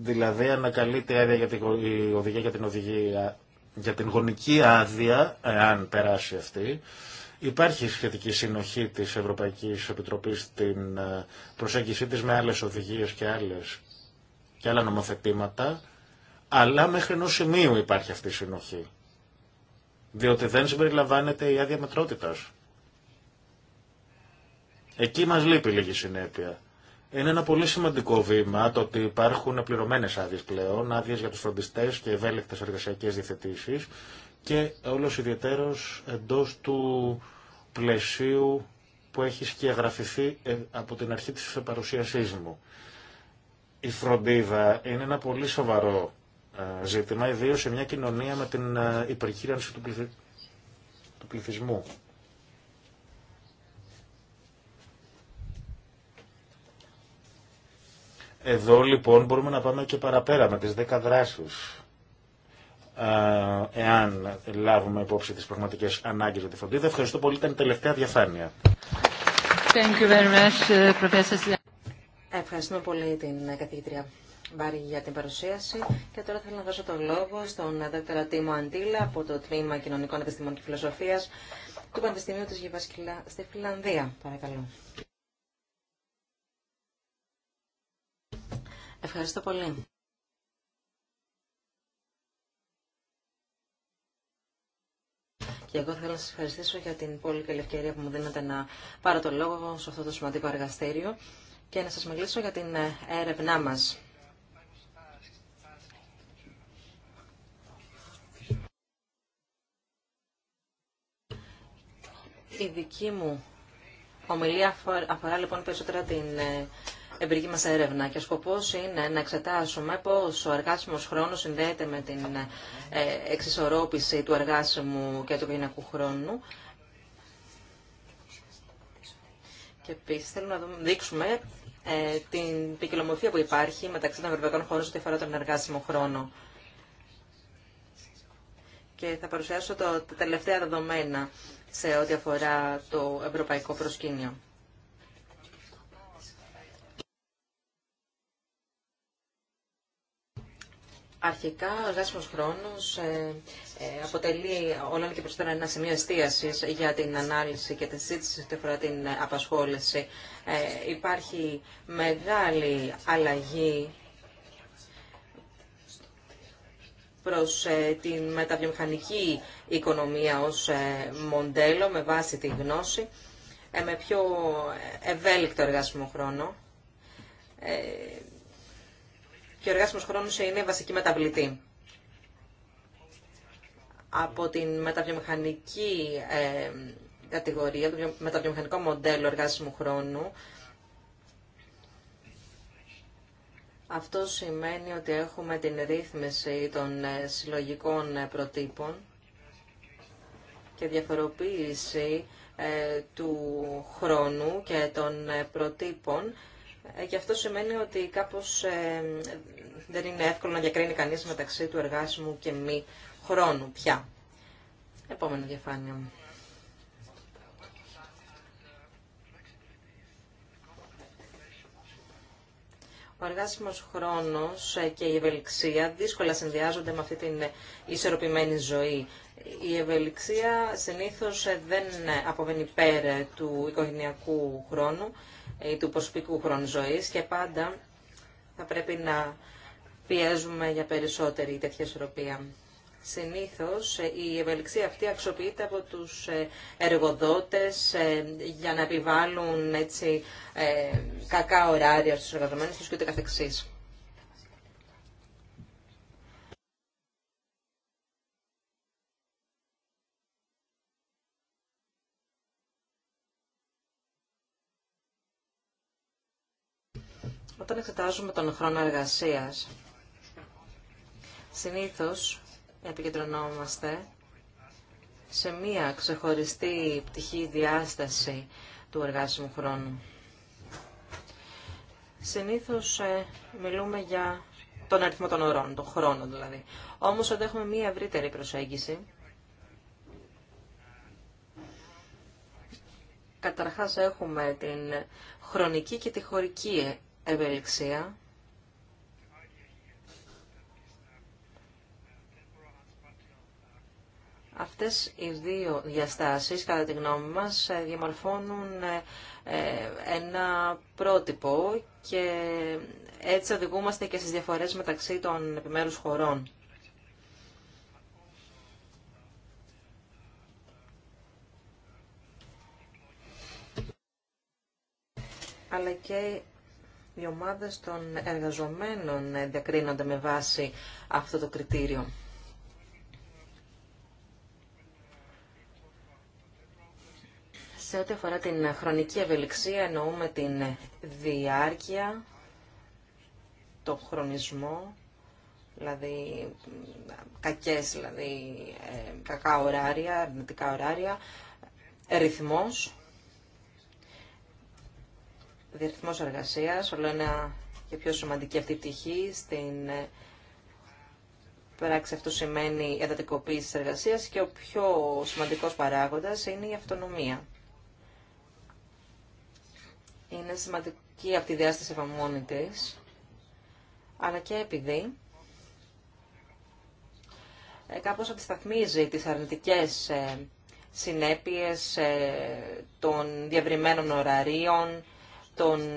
Δηλαδή ανακαλείται άδεια για την, η οδηγία για την, οδηγία, για την γονική άδεια, εάν περάσει αυτή. Υπάρχει σχετική συνοχή της Ευρωπαϊκής Επιτροπής στην ε, προσέγγιση της με άλλες οδηγίες και, άλλες, και άλλα νομοθετήματα, αλλά μέχρι ενός σημείου υπάρχει αυτή η συνοχή. Διότι δεν συμπεριλαμβάνεται η άδεια μετρότητας. Εκεί μας λείπει λίγη συνέπεια. Είναι ένα πολύ σημαντικό βήμα το ότι υπάρχουν πληρωμένε άδειε πλέον, άδειε για του φροντιστέ και ευέλικτε εργασιακέ διαθετήσεις και όλο ιδιαίτερο εντό του πλαισίου που έχει σκιαγραφηθεί ε, από την αρχή τη παρουσιασή μου. Η φροντίδα είναι ένα πολύ σοβαρό ε, ζήτημα, ιδίω σε μια κοινωνία με την ε, υπερχείρανση του πληθυσμού. Εδώ λοιπόν μπορούμε να πάμε και παραπέρα με τις 10 δράσεις εάν λάβουμε υπόψη τις πραγματικές ανάγκες για τη φροντίδα. Ευχαριστώ πολύ. Ήταν η τελευταία διαφάνεια. Thank you very much, ε, Ευχαριστούμε πολύ την ε, καθηγήτρια Μπάρη για την παρουσίαση. Και τώρα θέλω να δώσω το λόγο στον ε, δόκτωρα Τίμο Αντίλα από το Τμήμα Κοινωνικών Επιστημών και Φιλοσοφίας του Πανεπιστημίου της Γεβασκυλά στη Φιλανδία. Παρακαλώ. Ευχαριστώ πολύ. Και εγώ θέλω να σας ευχαριστήσω για την πολύ καλή ευκαιρία που μου δίνετε να πάρω το λόγο σε αυτό το σημαντικό εργαστήριο και να σας μιλήσω για την έρευνά μας. Η δική μου ομιλία αφορά, αφορά λοιπόν περισσότερα την ε, εμπειρική μα έρευνα και ο σκοπός είναι να εξετάσουμε πώς ο εργάσιμο χρόνος συνδέεται με την ε, εξισορρόπηση του εργάσιμου και του γυναικού χρόνου και επίση θέλουμε να δείξουμε ε, την ποικιλομορφία που υπάρχει μεταξύ των ευρωπαϊκών χωρών σε ό,τι αφορά τον εργάσιμο χρόνο. Και θα παρουσιάσω το, τα τελευταία δεδομένα σε ό,τι αφορά το ευρωπαϊκό προσκήνιο. Αρχικά, ο εργάσιμο χρόνο ε, ε, αποτελεί όλο και περισσότερο ένα σημείο εστίαση για την ανάλυση και τη συζήτηση ό,τι αφορά την απασχόληση. Ε, υπάρχει μεγάλη αλλαγή προς ε, την μεταβιομηχανική οικονομία ως μοντέλο με βάση τη γνώση, με πιο ευέλικτο εργάσιμο χρόνο και ο εργάσιμος χρόνος είναι βασική μεταβλητή. Από την μεταβιομηχανική ε, κατηγορία, το μεταβιομηχανικό μοντέλο εργάσιμου χρόνου, αυτό σημαίνει ότι έχουμε την ρύθμιση των ε, συλλογικών ε, προτύπων και διαφοροποίηση του χρόνου και των προτύπων ε, και αυτό σημαίνει ότι κάπως ε, δεν είναι εύκολο να διακρίνει κανείς μεταξύ του εργάσιμου και μη χρόνου πια. Επόμενο διαφάνεια. Ο εργάσιμο χρόνο ε, και η ευελιξία δύσκολα συνδυάζονται με αυτή την ισορροπημένη ζωή. Η ευελιξία συνήθω ε, δεν αποβαίνει πέρα ε, του οικογενειακού χρόνου ή του προσωπικού χρόνου ζωή και πάντα θα πρέπει να πιέζουμε για περισσότερη τέτοια ισορροπία. Συνήθως ε, η ευελιξία αυτή αξιοποιείται από τους ε, εργοδότες ε, για να επιβάλλουν έτσι, κακά ωράρια στους εργαζομένους τους και ούτε καθεξής. Όταν εξετάζουμε τον χρόνο εργασίας, συνήθως επικεντρωνόμαστε σε μία ξεχωριστή πτυχή διάσταση του εργάσιμου χρόνου. Συνήθως ε, μιλούμε για τον αριθμό των ωρών, τον χρόνο δηλαδή. Όμως όταν έχουμε μία ευρύτερη προσέγγιση, καταρχάς έχουμε την χρονική και τη χωρική ευελιξία, Αυτές οι δύο διαστάσεις, κατά τη γνώμη μας, διαμορφώνουν ε, ε, ένα πρότυπο και έτσι οδηγούμαστε και στις διαφορές μεταξύ των επιμέρους χωρών. αλλά και οι ομάδες των εργαζομένων διακρίνονται με βάση αυτό το κριτήριο. Σε ό,τι αφορά την χρονική ευελιξία, εννοούμε την διάρκεια, το χρονισμό, δηλαδή κακές, δηλαδή ε, κακά ωράρια, αρνητικά ωράρια, ρυθμός, διαρρυθμός εργασίας, όλο ένα και πιο σημαντική αυτή η πτυχή στην ε, πράξη αυτού σημαίνει εντατικοποίηση της εργασίας και ο πιο σημαντικός παράγοντας είναι η αυτονομία είναι σημαντική από τη διάσταση από αλλά και επειδή ε, κάπως αντισταθμίζει τις αρνητικές ε, συνέπειες ε, των διαβριμένων ωραρίων, των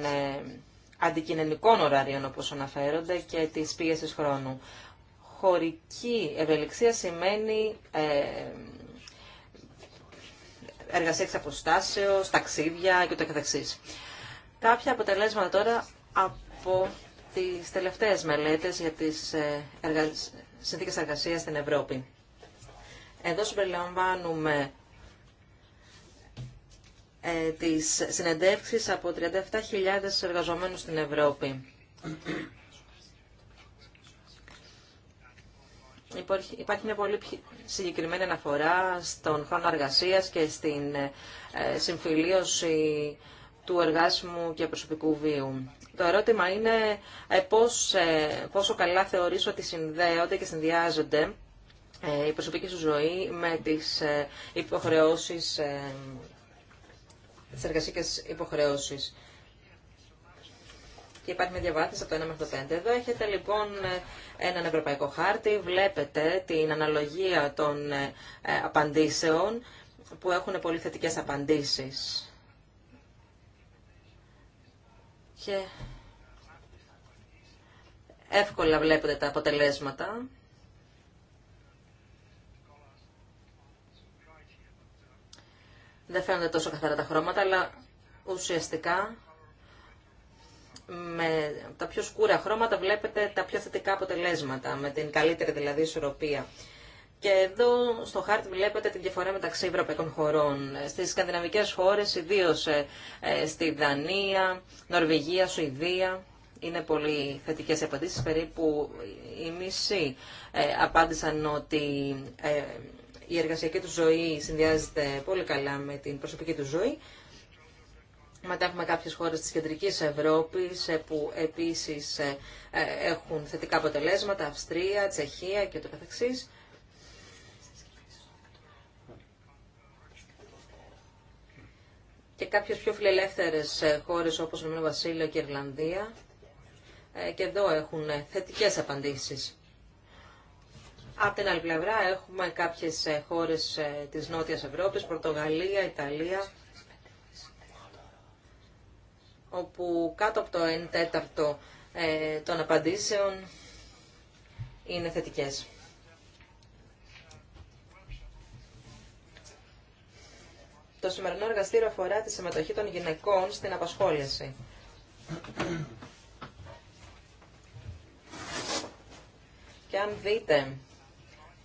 αντικοινωνικών ωραρίων όπως αναφέρονται και της πίεσης χρόνου. Χωρική ευελιξία σημαίνει εργασία εξ αποστάσεως, ταξίδια και Κάποια αποτελέσματα τώρα από τις τελευταίες μελέτες για τις ε, εργα... συνθήκες εργασίας στην Ευρώπη. Εδώ συμπεριλαμβάνουμε ε, τις συνεντεύξεις από 37.000 εργαζομένους στην Ευρώπη. Υπάρχει μια πολύ συγκεκριμένη αναφορά στον χρόνο εργασίας και στην ε, ε, συμφιλίωση του εργάσιμου και προσωπικού βίου. Το ερώτημα είναι ε, πώς, ε, πόσο καλά θεωρείς ότι συνδέονται και συνδυάζονται η ε, προσωπική σου ζωή με τις υποχρεώσεις, τις υποχρεώσεις. Και υπάρχει μια διαβάθμιση από το 1 μέχρι το 5. Εδώ έχετε λοιπόν έναν ευρωπαϊκό χάρτη, βλέπετε την αναλογία των απαντήσεων που έχουν πολύ θετικέ απαντήσεις και εύκολα βλέπετε τα αποτελέσματα. Δεν φαίνονται τόσο καθαρά τα χρώματα, αλλά ουσιαστικά με τα πιο σκούρα χρώματα βλέπετε τα πιο θετικά αποτελέσματα, με την καλύτερη δηλαδή ισορροπία και εδώ στο χάρτη βλέπετε την διαφορά μεταξύ ευρωπαϊκών χωρών. Στις σκανδιναβικές χώρες, ιδίως ε, ε, στη Δανία, Νορβηγία, Σουηδία, είναι πολύ θετικές απαντήσεις. Περίπου η μισή ε, απάντησαν ότι η εργασιακή του ζωή συνδυάζεται πολύ καλά με την προσωπική του ζωή. Μετά έχουμε κάποιες χώρες της κεντρικής Ευρώπης που επίσης έχουν θετικά αποτελέσματα, Αυστρία, Τσεχία και το καθεξής. και κάποιες πιο φιλελεύθερες ε, χώρες όπως Ηνωμένο Βασίλειο και Ιρλανδία ε, και εδώ έχουν ε, θετικές απαντήσεις. Από την άλλη πλευρά έχουμε κάποιες χώρες της Νότιας Ευρώπης, Πορτογαλία, Ιταλία, όπου κάτω από το 1 τέταρτο των απαντήσεων είναι θετικές. Το σημερινό εργαστήριο αφορά τη συμμετοχή των γυναικών στην απασχόληση. Και αν δείτε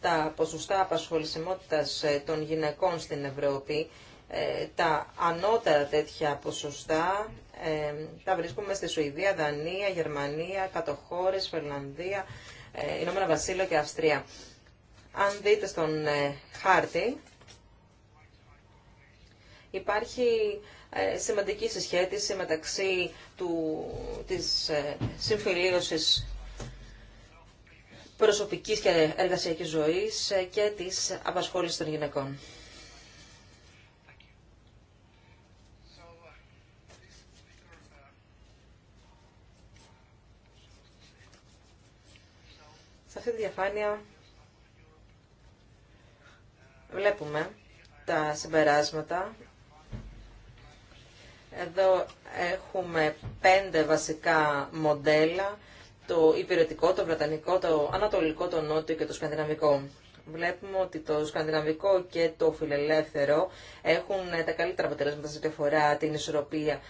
τα ποσοστά απασχολησιμότητας ε, των γυναικών στην Ευρώπη, ε, τα ανώτερα τέτοια ποσοστά ε, τα βρίσκουμε στη Σουηδία, Δανία, Γερμανία, Κατοχώρες, Φερλανδία, Ηνωμένα Βασίλεια και Αυστρία. Αν δείτε στον χάρτη, Υπάρχει ε, σημαντική συσχέτιση μεταξύ του, της ε, συμφιλίωσης προσωπικής και εργασιακής ζωής ε, και της απασχόλησης των γυναικών. Σε αυτή τη διαφάνεια βλέπουμε τα συμπεράσματα εδώ έχουμε πέντε βασικά μοντέλα, το υπηρετικό, το βρετανικό, το ανατολικό, το νότιο και το σκανδιναβικό. Βλέπουμε ότι το σκανδιναβικό και το φιλελεύθερο έχουν τα καλύτερα αποτελέσματα σε ό,τι αφορά την ισορροπία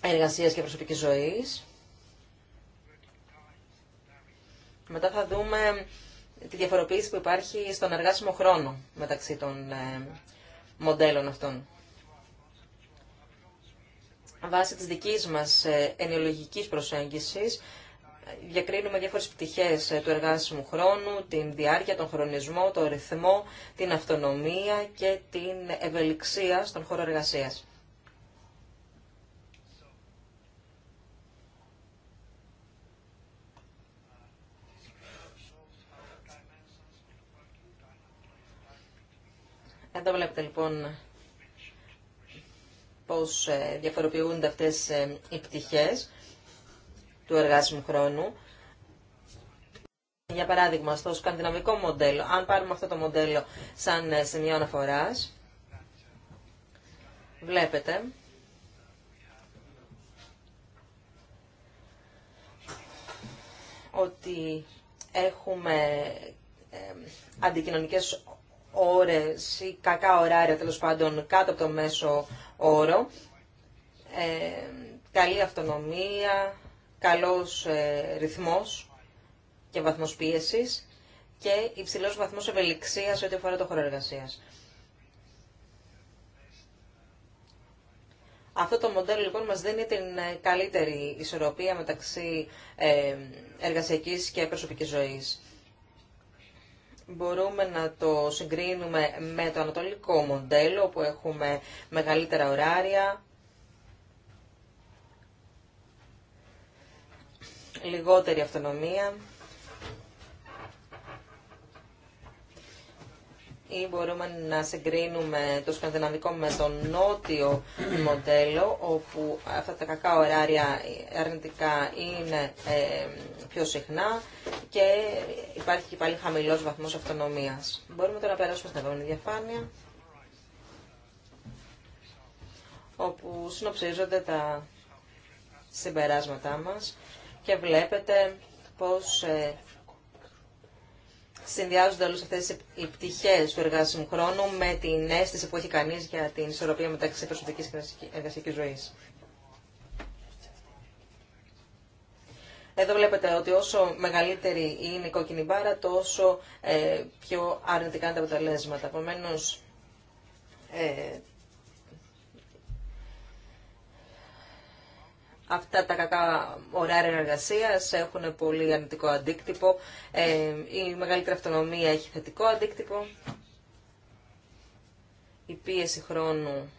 εργασίας και προσωπικής ζωής. Μετά θα δούμε τη διαφοροποίηση που υπάρχει στον εργάσιμο χρόνο μεταξύ των μοντέλων αυτών βάσει της δικής μας ε, ενοιολογικής προσέγγισης διακρίνουμε διάφορες πτυχές ε, του εργάσιμου χρόνου, την διάρκεια, τον χρονισμό, τον ρυθμό, την αυτονομία και την ευελιξία στον χώρο εργασίας. Εδώ βλέπετε λοιπόν πώς ε, διαφοροποιούνται αυτές ε, οι πτυχές του εργάσιμου χρόνου. Για παράδειγμα, στο σκανδιναβικό μοντέλο, αν πάρουμε αυτό το μοντέλο σαν ε, σημείο αναφοράς, βλέπετε ότι έχουμε αντικοινωνικές ώρες ή κακά ωράρια τέλος πάντων κάτω από το μέσο όρο. Ε, καλή αυτονομία, καλός ε, ρυθμός και βαθμός πίεσης και υψηλός βαθμός ευελιξίας ό,τι αφορά το χώρο εργασίας. Αυτό το μοντέλο λοιπόν μας δίνει την ε, καλύτερη ισορροπία μεταξύ ε, εργασιακής και προσωπικής ζωής μπορούμε να το συγκρίνουμε με το ανατολικό μοντέλο που έχουμε μεγαλύτερα ωράρια, λιγότερη αυτονομία. ή μπορούμε να συγκρίνουμε το σκανδιναβικό με το νότιο μοντέλο, όπου αυτά τα κακά ωράρια αρνητικά είναι ε, πιο συχνά και υπάρχει και πάλι χαμηλός βαθμός αυτονομίας. Μπορούμε τώρα να περάσουμε στην επόμενη διαφάνεια, όπου συνοψίζονται τα συμπεράσματά μας και βλέπετε πώς ε, συνδυάζονται όλε αυτέ οι πτυχέ του εργάσιμου χρόνου με την αίσθηση που έχει κανεί για την ισορροπία μεταξύ προσωπική και εργασιακή ζωή. Εδώ βλέπετε ότι όσο μεγαλύτερη είναι η κόκκινη μπάρα, τόσο ε, πιο αρνητικά είναι τα αποτελέσματα. Επομένω, ε, Αυτά τα κακά ωράρια εργασία έχουν πολύ αρνητικό αντίκτυπο. Ε, η μεγαλύτερη αυτονομία έχει θετικό αντίκτυπο. Η πίεση χρόνου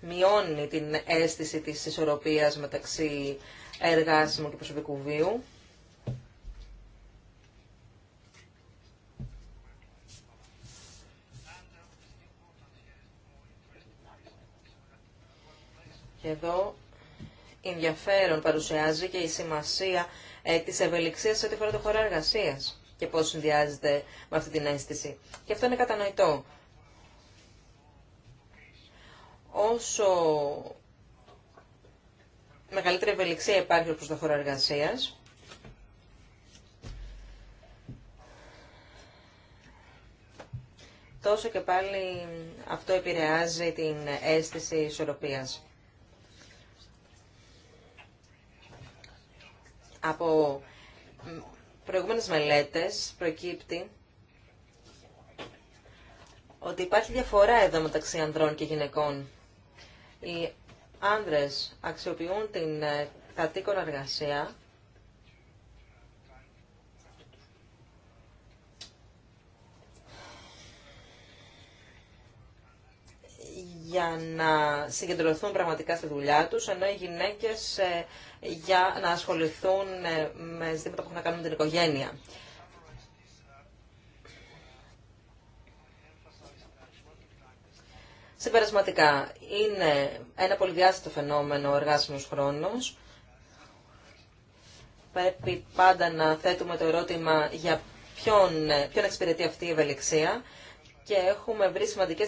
μειώνει την αίσθηση της ισορροπίας μεταξύ εργάσιμου και προσωπικού βίου. Και εδώ ενδιαφέρον παρουσιάζει και η σημασία ε, της ευελιξίας σε ό,τι φορά το χώρο εργασία και πώς συνδυάζεται με αυτή την αίσθηση. Και αυτό είναι κατανοητό. Όσο μεγαλύτερη ευελιξία υπάρχει προς το χώρο εργασία. τόσο και πάλι αυτό επηρεάζει την αίσθηση ισορροπίας. Από προηγούμενες μελέτες προκύπτει ότι υπάρχει διαφορά εδώ μεταξύ ανδρών και γυναικών. Οι άνδρες αξιοποιούν την ε, κατοίκον εργασία για να συγκεντρωθούν πραγματικά στη δουλειά τους, ενώ οι γυναίκες ε, για να ασχοληθούν ε, με ζητήματα που έχουν να κάνουν την οικογένεια. Συμπερασματικά, είναι ένα πολυδιάστατο φαινόμενο ο εργάσιμος χρόνος. Πρέπει πάντα να θέτουμε το ερώτημα για ποιον, ε, ποιον εξυπηρετεί αυτή η ευελιξία και έχουμε βρει σημαντικέ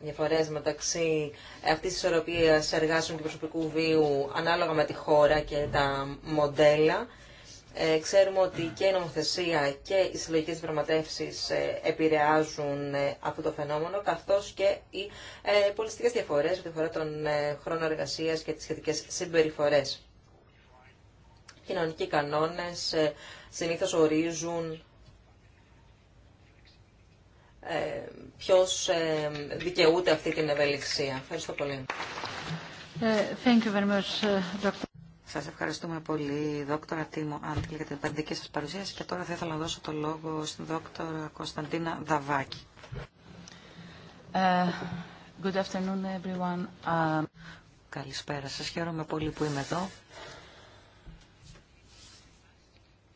διαφορέ μεταξύ αυτή τη ισορροπία εργάσεων και προσωπικού βίου ανάλογα με τη χώρα και τα μοντέλα. Ε, ξέρουμε ότι και η νομοθεσία και οι συλλογικέ διαπραγματεύσει ε, επηρεάζουν ε, αυτό το φαινόμενο, καθώ και οι ε, διαφορές διαφορέ τη αφορά τον ε, χρόνων εργασία και τι σχετικέ συμπεριφορέ. Κοινωνικοί κανόνε συνήθω ορίζουν ε, ποιος ε, δικαιούται αυτή την ευελιξία. Ευχαριστώ πολύ. Ε, thank you very much, ε, doctor. Σας ευχαριστούμε πολύ, δόκτωρα Τίμο Άντλη, για την πανδική σας παρουσίαση και τώρα θα ήθελα να δώσω το λόγο στην δόκτωρα Κωνσταντίνα Δαβάκη. good afternoon, everyone. Καλησπέρα σας. Χαίρομαι πολύ που είμαι εδώ.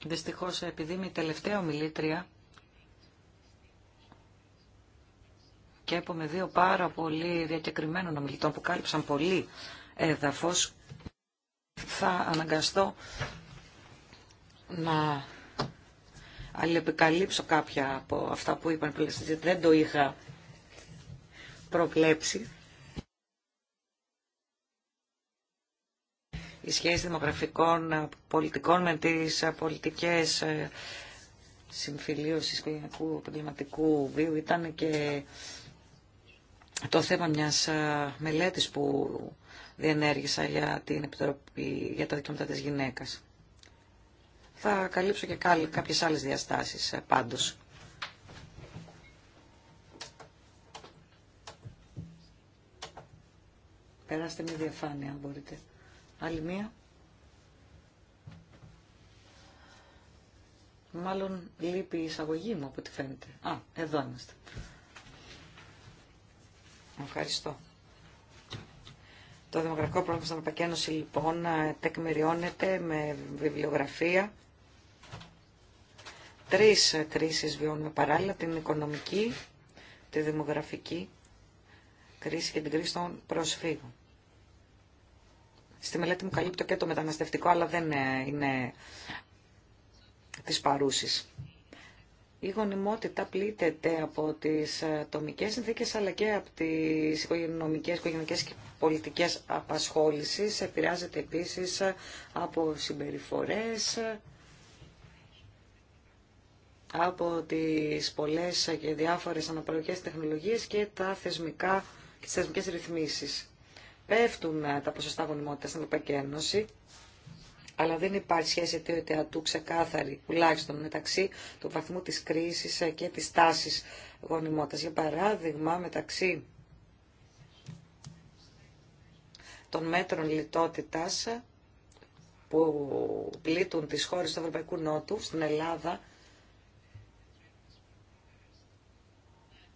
Δυστυχώς, επειδή είμαι η τελευταία ομιλήτρια, και έχουμε δύο πάρα πολύ διακεκριμένων ομιλητών που κάλυψαν πολύ έδαφος. Θα αναγκαστώ να αλληλεπικαλύψω κάποια από αυτά που είπαν πλέον. Δεν το είχα προβλέψει. Η σχέση δημογραφικών πολιτικών με τις πολιτικές ε, συμφιλίωσης κοινωνικού, επαγγελματικού βίου ήταν και το θέμα μιας ε, μελέτης που διενέργησα για την Επιτροπή για τα Δικαιώματα της Γυναίκας. Θα καλύψω και κάποιες άλλες διαστάσεις ε, πάντως. Περάστε με διαφάνεια αν μπορείτε. Άλλη μία. Μάλλον λείπει η εισαγωγή μου από ό,τι φαίνεται. Α, εδώ είμαστε. Ευχαριστώ. Το δημογραφικό πρόγραμμα στην Ευρωπαϊκή Ένωση λοιπόν ε, τεκμηριώνεται με βιβλιογραφία. Τρεις κρίσεις βιώνουμε παράλληλα, την οικονομική, τη δημογραφική κρίση και την κρίση των προσφύγων. Στη μελέτη μου καλύπτω και το μεταναστευτικό, αλλά δεν ε, είναι της παρούσης. Η γονιμότητα πλήττεται από τις τομικές συνθήκες αλλά και από τις οικογενειακές, οικογενειακές και πολιτικές απασχόλησης. Επηρεάζεται επίσης από συμπεριφορές, από τις πολλές και διάφορες αναπαραγωγές τεχνολογίες και τα θεσμικά και τις θεσμικές ρυθμίσεις. Πέφτουν τα ποσοστά γονιμότητας στην Ευρωπαϊκή Ένωση αλλά δεν υπάρχει σχέση αιτίου ατού ξεκάθαρη, τουλάχιστον μεταξύ του βαθμού της κρίσης και της τάσης γονιμότητας. Για παράδειγμα, μεταξύ των μέτρων λιτότητας που πλήττουν τις χώρες του Ευρωπαϊκού Νότου, στην Ελλάδα,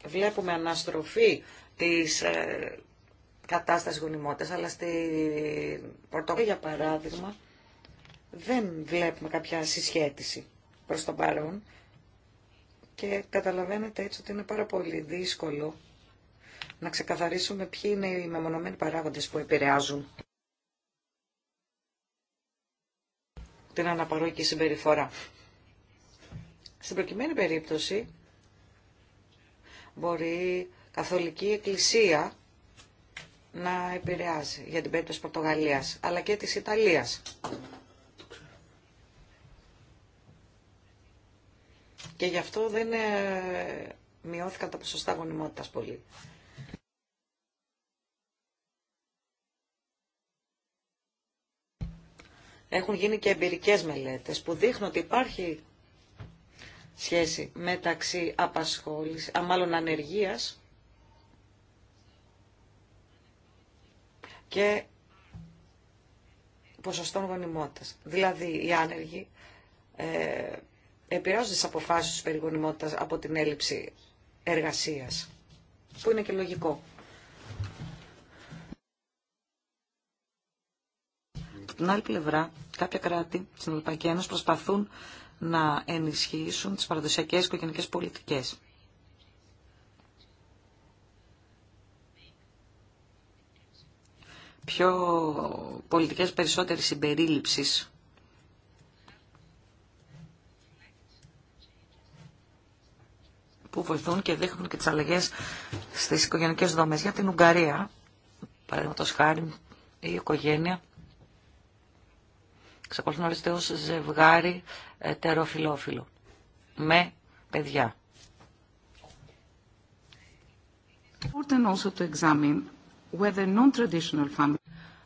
βλέπουμε αναστροφή της ε, κατάστασης γονιμότητας, αλλά στην Πορτογαλία, για παράδειγμα, δεν βλέπουμε κάποια συσχέτιση προς τον παρόν και καταλαβαίνετε έτσι ότι είναι πάρα πολύ δύσκολο να ξεκαθαρίσουμε ποιοι είναι οι μεμονωμένοι παράγοντες που επηρεάζουν την αναπαρόκη συμπεριφορά. Στην προκειμένη περίπτωση μπορεί η καθολική εκκλησία να επηρεάζει για την περίπτωση Πορτογαλίας αλλά και της Ιταλίας Και γι' αυτό δεν ε, μειώθηκαν τα ποσοστά γονιμότητας πολύ. Έχουν γίνει και εμπειρικές μελέτες που δείχνουν ότι υπάρχει σχέση μεταξύ απασχόλησης, α, μάλλον ανεργίας και ποσοστών γονιμότητας. Δηλαδή οι άνεργοι ε, επηρεάζονται τι αποφάσει τη περιγονιμότητας από την έλλειψη εργασίας, που είναι και λογικό. Από την άλλη πλευρά, κάποια κράτη στην Ευρωπαϊκή Ένωση προσπαθούν να ενισχύσουν τις παραδοσιακές οικογενειακέ πολιτικές. Πιο πολιτικές περισσότερης συμπερίληψης που βοηθούν και δείχνουν και τι αλλαγέ στι οικογενικέ δομέ. Για την Ουγγαρία, παραδείγματο χάρη, η οικογένεια ξεκολουθεί να ορίζεται ω ζευγάρι τεροφιλόφιλο με παιδιά.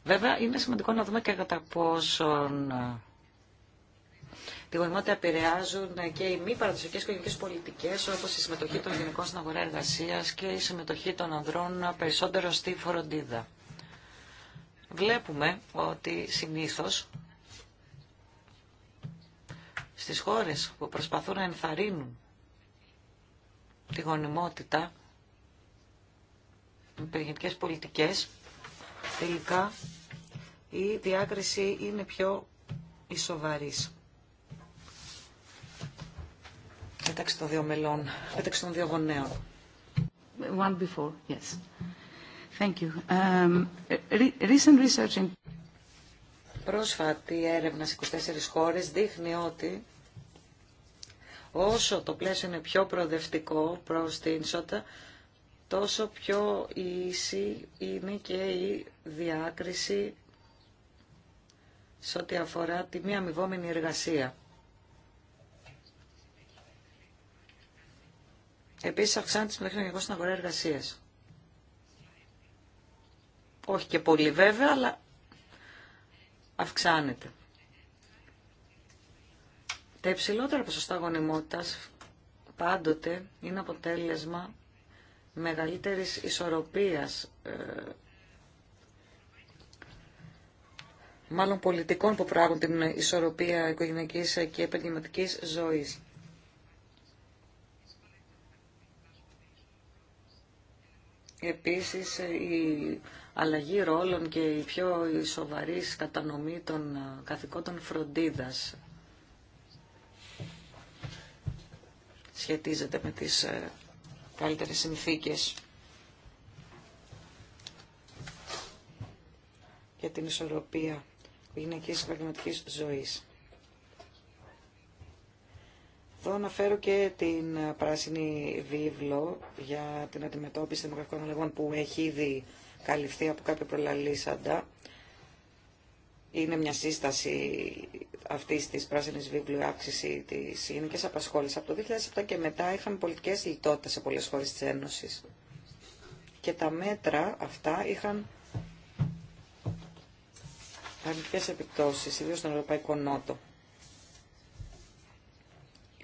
Βέβαια, είναι σημαντικό να δούμε και κατά πόσον ε, τη γονιμότητα επηρεάζουν και οι μη παραδοσιακέ οικογενειακέ πολιτικέ, όπω η συμμετοχή των γυναικών στην αγορά εργασία και η συμμετοχή των ανδρών περισσότερο στη φροντίδα. Βλέπουμε ότι συνήθω στις χώρες που προσπαθούν να ενθαρρύνουν τη γονιμότητα με περιγενικές πολιτικές, τελικά η διάκριση είναι πιο ισοβαρής μεταξύ των δύο μελών, μεταξύ δύο γονέων. One before, yes. Thank you. Um, recent research in... Πρόσφατη έρευνα σε 24 χώρες δείχνει ότι όσο το πλαίσιο είναι πιο προοδευτικό προς την ισότητα, τόσο πιο ίση είναι και η διάκριση σε ό,τι αφορά τη μη αμοιβόμενη εργασία. Επίσης αυξάνεται των 900 στην αγορά εργασία. Όχι και πολύ βέβαια, αλλά αυξάνεται. Τα υψηλότερα ποσοστά γονιμότητας πάντοτε είναι αποτέλεσμα μεγαλύτερης ισορροπίας ε, μάλλον πολιτικών που πράγουν την ισορροπία οικογενειακής και επαγγελματική ζωής. Επίσης η αλλαγή ρόλων και η πιο σοβαρή κατανομή των ε, καθηκόντων φροντίδας σχετίζεται με τις ε, καλύτερες συνθήκες για την ισορροπία γυναικής πραγματικής ζωής. Εδώ αναφέρω και την πράσινη βίβλο για την αντιμετώπιση δημογραφικών αλλαγών που έχει ήδη καλυφθεί από κάποια προλαλήσαντα. Είναι μια σύσταση αυτή τη πράσινη βίβλου άξιση αύξηση τη γενική απασχόληση. Από το 2007 και μετά είχαμε πολιτικέ λιτότητε σε πολλέ χώρε τη Ένωση. Και τα μέτρα αυτά είχαν αρνητικέ επιπτώσει, ιδίω στον Ευρωπαϊκό Νότο.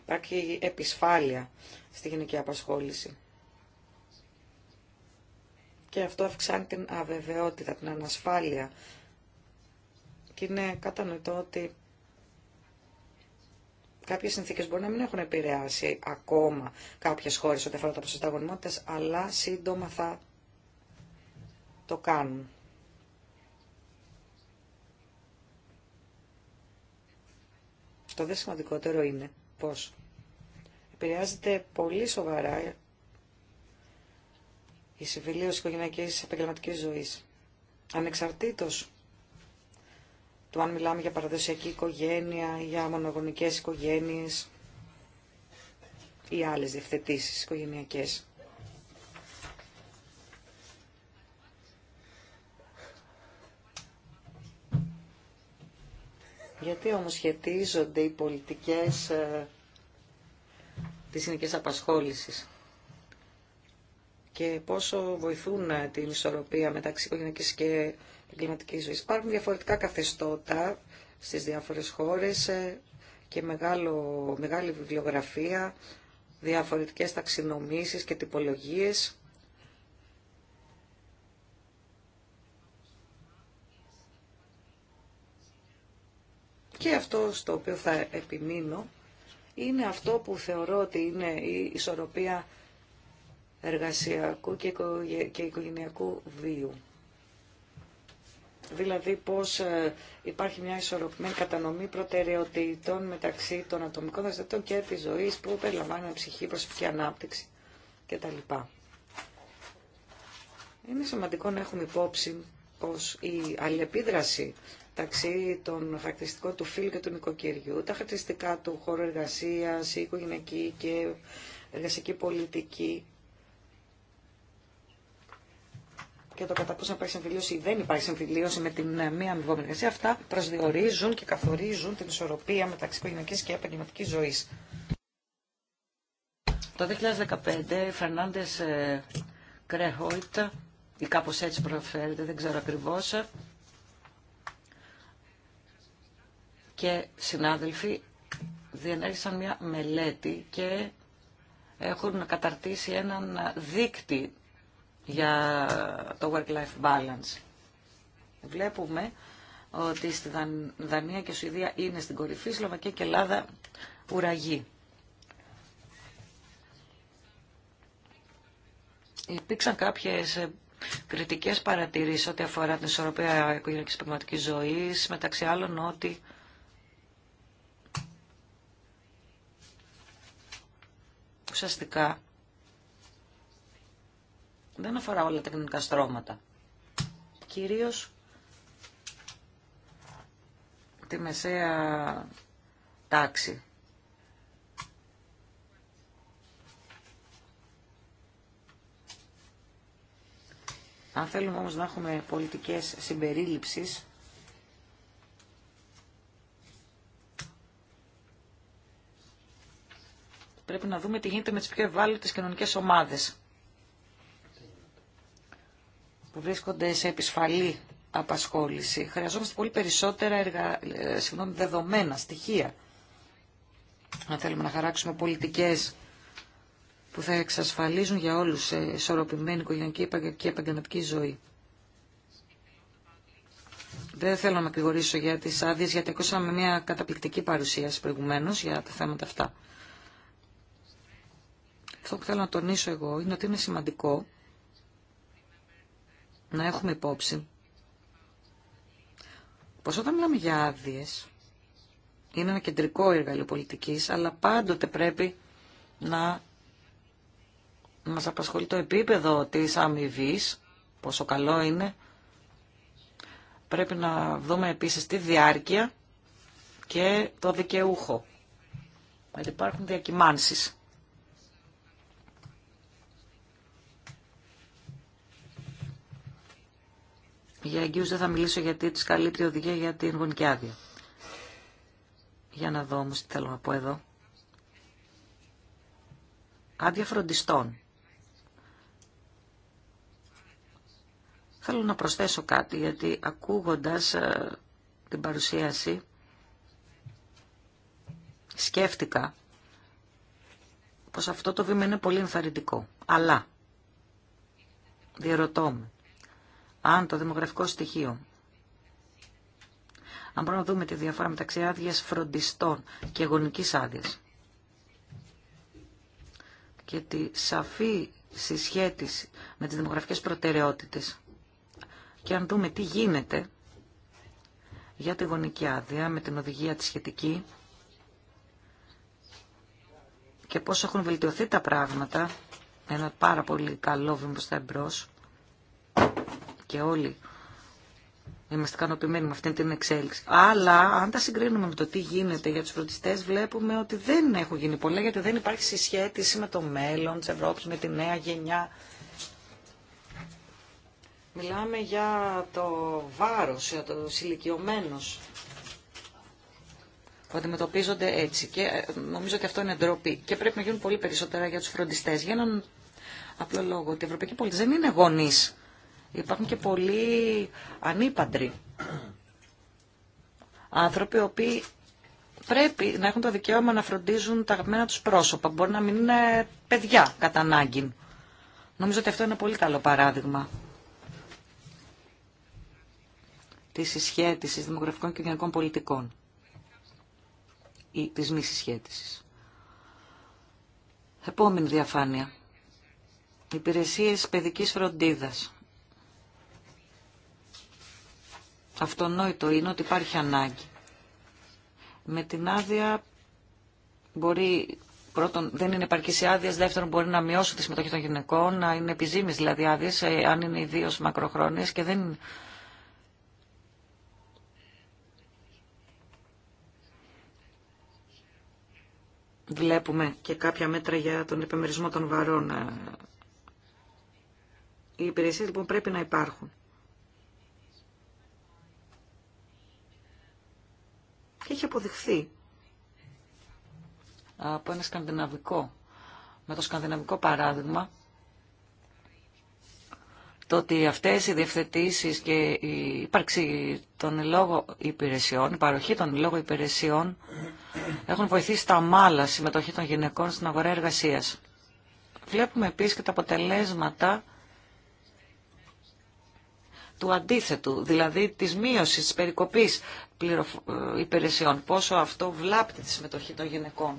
Υπάρχει επισφάλεια στη γενική απασχόληση. Και αυτό αυξάνει την αβεβαιότητα, την ανασφάλεια. Και είναι κατανοητό ότι κάποιες συνθήκες μπορεί να μην έχουν επηρεάσει ακόμα κάποιες χώρες ό,τι αφορά τα ποσοστά γονιμότητας, αλλά σύντομα θα το κάνουν. Το δε σημαντικότερο είναι πως επηρεάζεται πολύ σοβαρά η συμβιλίωση οικογενειακής επαγγελματικής ζωής. Ανεξαρτήτως του αν μιλάμε για παραδοσιακή οικογένεια, για μονογονικές οικογένειες ή άλλες διευθετήσεις οικογενειακές. Γιατί όμως σχετίζονται οι πολιτικές ε, της συνοικής απασχόλησης και πόσο βοηθούν ε, την ισορροπία μεταξύ οικογενειακής και εγκληματικής ζωής. Υπάρχουν διαφορετικά καθεστώτα στις διάφορες χώρες ε, και μεγάλο, μεγάλη βιβλιογραφία, διαφορετικές ταξινομήσεις και τυπολογίες Και αυτό στο οποίο θα επιμείνω είναι αυτό που θεωρώ ότι είναι η ισορροπία εργασιακού και οικογενειακού βίου. Δηλαδή πώς ε, υπάρχει μια ισορροπημένη κατανομή προτεραιοτήτων μεταξύ των ατομικών δραστηριοτήτων και της ζωής που περιλαμβάνει ψυχή, προσωπική ανάπτυξη κτλ. Είναι σημαντικό να έχουμε υπόψη πως η αλληλεπίδραση μεταξύ των χαρακτηριστικών του φίλου και του νοικοκυριού, τα χαρακτηριστικά του χώρου εργασίας, η οικογενειακή και εργασική πολιτική και το κατά πόσο υπάρχει συμφιλίωση ή δεν υπάρχει συμφιλίωση με την ε, μία αμοιβόμενη εργασία, αυτά προσδιορίζουν και καθορίζουν την ισορροπία μεταξύ οικογενειακή και επαγγελματική ζωή. Το 2015 Φερνάντες ε, Κρεχόιτ, ή κάπω έτσι προφέρεται, δεν ξέρω ακριβώ. και συνάδελφοι διενέργησαν μια μελέτη και έχουν καταρτήσει έναν δίκτυ για το work-life balance. Βλέπουμε ότι στη Δανία και Σουηδία είναι στην κορυφή, Σλοβακία και Ελλάδα ουραγή. Υπήρξαν κάποιες ε, κριτικές παρατηρήσεις ό,τι αφορά την ισορροπία οικογενειακής πνευματικής ζωής, μεταξύ άλλων ότι ουσιαστικά δεν αφορά όλα τα κοινωνικά στρώματα. Κυρίως τη μεσαία τάξη. Αν θέλουμε όμως να έχουμε πολιτικές συμπερίληψεις, Πρέπει να δούμε τι γίνεται με τις πιο ευάλωτες κοινωνικές ομάδες που βρίσκονται σε επισφαλή απασχόληση. Χρειαζόμαστε πολύ περισσότερα εργα... Ε, δεδομένα, στοιχεία. Αν θέλουμε να χαράξουμε πολιτικές που θα εξασφαλίζουν για όλους ισορροπημένη οικογενειακή και επαγγελματική ζωή. Δεν θέλω να με για τις άδειες, γιατί ακούσαμε μια καταπληκτική παρουσίαση προηγουμένως για τα θέματα αυτά. Αυτό που θέλω να τονίσω εγώ είναι ότι είναι σημαντικό να έχουμε υπόψη πως όταν μιλάμε για άδειε, είναι ένα κεντρικό εργαλείο πολιτικής, αλλά πάντοτε πρέπει να μας απασχολεί το επίπεδο της αμοιβή, πόσο καλό είναι. Πρέπει να δούμε επίσης τη διάρκεια και το δικαιούχο. Γιατί υπάρχουν διακυμάνσεις. Για εγγύους δεν θα μιλήσω γιατί τις καλύπτει οδηγία για την γονική άδεια. Για να δω όμως τι θέλω να πω εδώ. Άδεια φροντιστών. Θέλω να προσθέσω κάτι γιατί ακούγοντας ε, την παρουσίαση σκέφτηκα πως αυτό το βήμα είναι πολύ ενθαρρυντικό. Αλλά διερωτώ με αν το δημογραφικό στοιχείο αν μπορούμε να δούμε τη διαφορά μεταξύ άδεια φροντιστών και γονική άδεια. Και τη σαφή συσχέτιση με τις δημογραφικές προτεραιότητες. Και αν δούμε τι γίνεται για τη γονική άδεια με την οδηγία τη σχετική και πώς έχουν βελτιωθεί τα πράγματα, ένα πάρα πολύ καλό βήμα προς και όλοι είμαστε ικανοποιημένοι με αυτή την εξέλιξη. Αλλά αν τα συγκρίνουμε με το τι γίνεται για του φροντιστέ, βλέπουμε ότι δεν έχουν γίνει πολλά γιατί δεν υπάρχει συσχέτιση με το μέλλον τη Ευρώπη, με τη νέα γενιά. Μιλάμε για το βάρο, για το ηλικιωμένου που αντιμετωπίζονται έτσι. Και ε, νομίζω ότι αυτό είναι ντροπή. Και πρέπει να γίνουν πολύ περισσότερα για του φροντιστέ. Για έναν απλό λόγο, ότι οι Ευρωπαϊκή Πολιτεία δεν είναι γονεί. Υπάρχουν και πολλοί ανήπαντροι άνθρωποι οι οποίοι πρέπει να έχουν το δικαίωμα να φροντίζουν τα αγαπημένα τους πρόσωπα. Μπορεί να μην είναι παιδιά κατά ανάγκη. Νομίζω ότι αυτό είναι πολύ καλό παράδειγμα της συσχέτισης δημογραφικών και γενικών πολιτικών ή της μη συσχέτισης. Επόμενη διαφάνεια. Υπηρεσίες παιδικής φροντίδας. Αυτονόητο είναι ότι υπάρχει ανάγκη. Με την άδεια μπορεί πρώτον δεν είναι επαρκή η άδεια, δεύτερον μπορεί να μειώσει τη συμμετοχή των γυναικών, να είναι επιζήμιε δηλαδή άδειε, ε, αν είναι ιδίω μακροχρόνιε και δεν. Βλέπουμε και κάποια μέτρα για τον επιμερισμό των βαρών. Ε, οι υπηρεσίες λοιπόν πρέπει να υπάρχουν. και έχει αποδειχθεί από ένα σκανδιναβικό, με το σκανδιναβικό παράδειγμα, το ότι αυτές οι διευθετήσεις και η ύπαρξη των λόγω υπηρεσιών, η παροχή των λόγω υπηρεσιών έχουν βοηθήσει τα μάλα συμμετοχή των γυναικών στην αγορά εργασίας. Βλέπουμε επίσης και τα αποτελέσματα του αντίθετου, δηλαδή της μείωσης, της περικοπής ε, υπηρεσιών, πόσο αυτό βλάπτει τη συμμετοχή των γυναικών.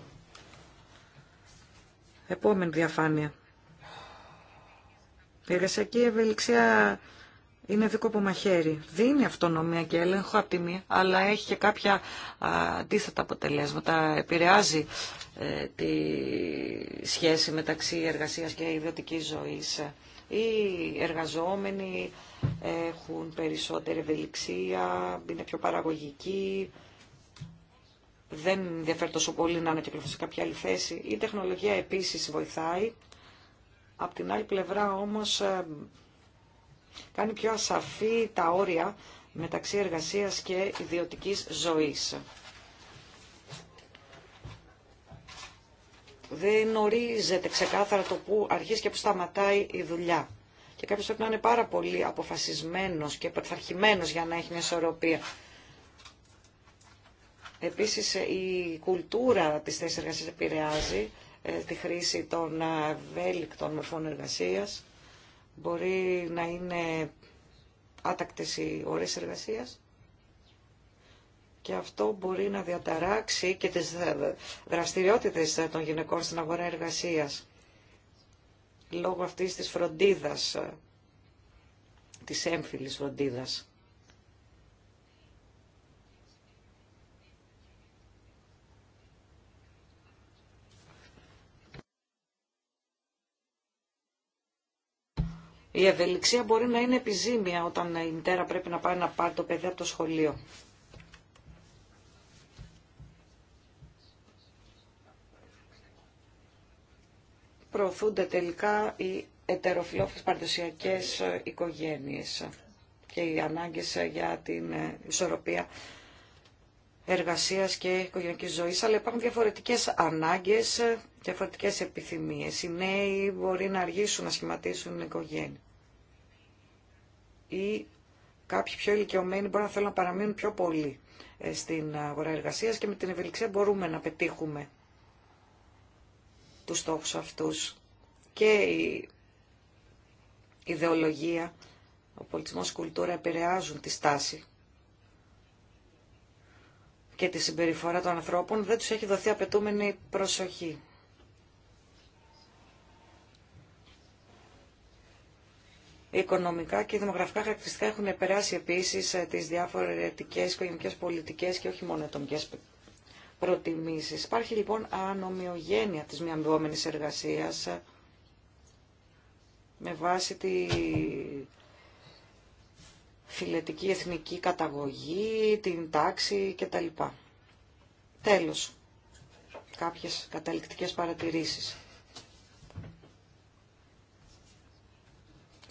Επόμενη διαφάνεια. Η εργασιακή ευελιξία είναι δίκοπο μαχαίρι. Δίνει αυτονομία και έλεγχο από τη μία, αλλά έχει και κάποια αντίθετα αποτελέσματα. Επηρεάζει ε, τη σχέση μεταξύ εργασίας και ιδιωτικής ζωής. Οι εργαζόμενοι έχουν περισσότερη ευελιξία, είναι πιο παραγωγικοί, δεν ενδιαφέρει τόσο πολύ να ανακυκλωθούν σε κάποια άλλη θέση. Η τεχνολογία επίσης βοηθάει. Απ' την άλλη πλευρά όμως ε, κάνει πιο ασαφή τα όρια μεταξύ εργασίας και ιδιωτικής ζωής. δεν ορίζεται ξεκάθαρα το που αρχίζει και που σταματάει η δουλειά. Και κάποιο πρέπει να είναι πάρα πολύ αποφασισμένος και πεθαρχημένος για να έχει μια ισορροπία. Επίσης η κουλτούρα της θέσης εργασίας επηρεάζει ε, τη χρήση των ευέλικτων μορφών εργασίας. Μπορεί να είναι άτακτες οι ώρες εργασίας και αυτό μπορεί να διαταράξει και τις δραστηριότητες των γυναικών στην αγορά εργασίας λόγω αυτής της φροντίδας, της έμφυλης φροντίδας. Η ευελιξία μπορεί να είναι επιζήμια όταν η μητέρα πρέπει να πάει να πάρει το παιδί από το σχολείο. προωθούνται τελικά οι ετεροφιλόφιλες παραδοσιακές ε, οικογένειες και οι ανάγκες ε, για την ε, ισορροπία εργασίας και οικογενειακής ζωής, αλλά υπάρχουν διαφορετικές ανάγκες, διαφορετικές επιθυμίες. Οι νέοι μπορεί να αργήσουν να σχηματίσουν οικογένεια. Ή κάποιοι πιο ηλικιωμένοι μπορεί να θέλουν να παραμείνουν πιο πολύ στην αγορά εργασίας και με την ευελιξία μπορούμε να πετύχουμε τους στόχους αυτούς. Και η ιδεολογία, ο πολιτισμός, η κουλτούρα επηρεάζουν τη στάση και τη συμπεριφορά των ανθρώπων, δεν τους έχει δοθεί απαιτούμενη προσοχή. οικονομικά και δημογραφικά χαρακτηριστικά έχουν επηρεάσει επίσης ε, τις διαφορετικές ε, κοινωνικές ε, πολιτικές και όχι μόνο ατομικές προτιμήσεις. Υπάρχει λοιπόν ανομοιογένεια της μη εργασία. εργασίας με βάση τη φιλετική εθνική καταγωγή, την τάξη κτλ. Τέλος, κάποιες καταληκτικές παρατηρήσεις.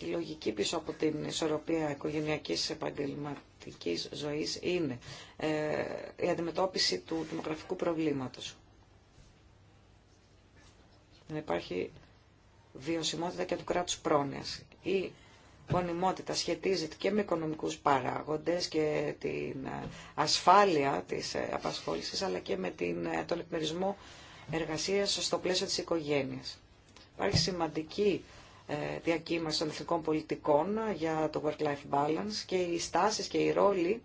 Η λογική πίσω από την ισορροπία οικογενειακής επαγγελματικής ζωής είναι ε, η αντιμετώπιση του δημογραφικού προβλήματος. Να υπάρχει βιωσιμότητα και του κράτους πρόνοιας. Η γονιμότητα σχετίζεται και με οικονομικούς παράγοντες και την ε, ασφάλεια της ε, απασχόλησης, αλλά και με την, τον εκμερισμό εργασίας στο πλαίσιο της οικογένειας. Υπάρχει σημαντική ε, διακύμανση των εθνικών πολιτικών για το work-life balance και οι στάσεις και οι ρόλοι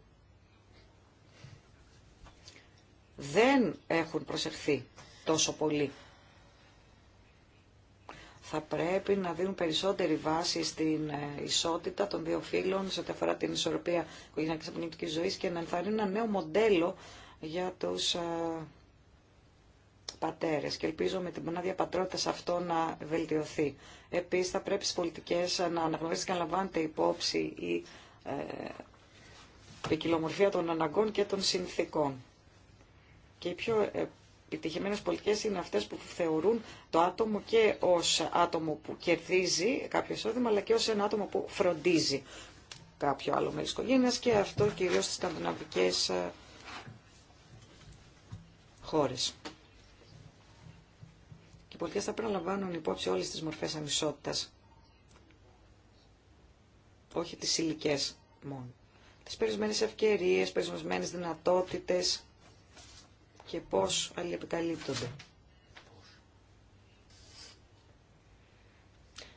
δεν έχουν προσεχθεί τόσο πολύ. Θα πρέπει να δίνουν περισσότερη βάση στην ε, ισότητα των δύο φύλων σε ό,τι αφορά την ισορροπία οικογενειακής και ζωής και να ενθαρρύνουν ένα νέο μοντέλο για τους ε, πατέρες και ελπίζω με την μονάδια πατρότητα αυτό να βελτιωθεί. Επίσης θα πρέπει στις πολιτικές να αναγνωρίζετε και να λαμβάνετε υπόψη η ε, ποικιλομορφία των αναγκών και των συνθήκων. Και οι πιο ε, επιτυχημένες πολιτικές είναι αυτές που θεωρούν το άτομο και ως άτομο που κερδίζει κάποιο εισόδημα, αλλά και ως ένα άτομο που φροντίζει κάποιο άλλο μέλος οικογένεια και αυτό κυρίως στις σκανδιναβικές ε, χώρες πολιτεία θα πρέπει να λαμβάνουν υπόψη όλες τις μορφές ανισότητα. Όχι τις ηλικέ μόνο. Τις περιορισμένες ευκαιρίες, περιορισμένες δυνατότητε και πώς αλληλεπικαλύπτονται.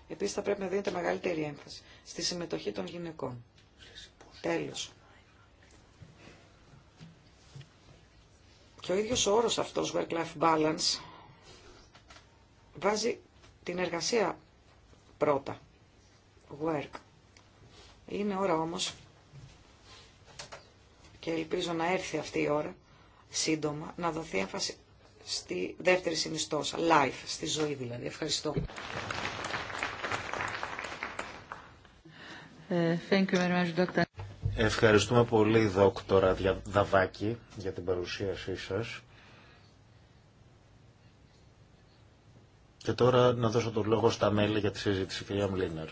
Επίση θα πρέπει να δίνεται μεγαλύτερη έμφαση στη συμμετοχή των γυναικών. Τέλος. Και ο ίδιος όρο αυτό αυτος αυτός, work-life balance, βάζει την εργασία πρώτα. Work. Είναι ώρα όμως και ελπίζω να έρθει αυτή η ώρα σύντομα να δοθεί έμφαση στη δεύτερη συνιστόσα, life, στη ζωή δηλαδή. Ευχαριστώ. Ε, Ευχαριστούμε πολύ, δόκτωρα Δαβάκη, για την παρουσίασή σας. Και τώρα να δώσω τον λόγο στα μέλη για τη συζήτηση, κυρία Μλίνερ.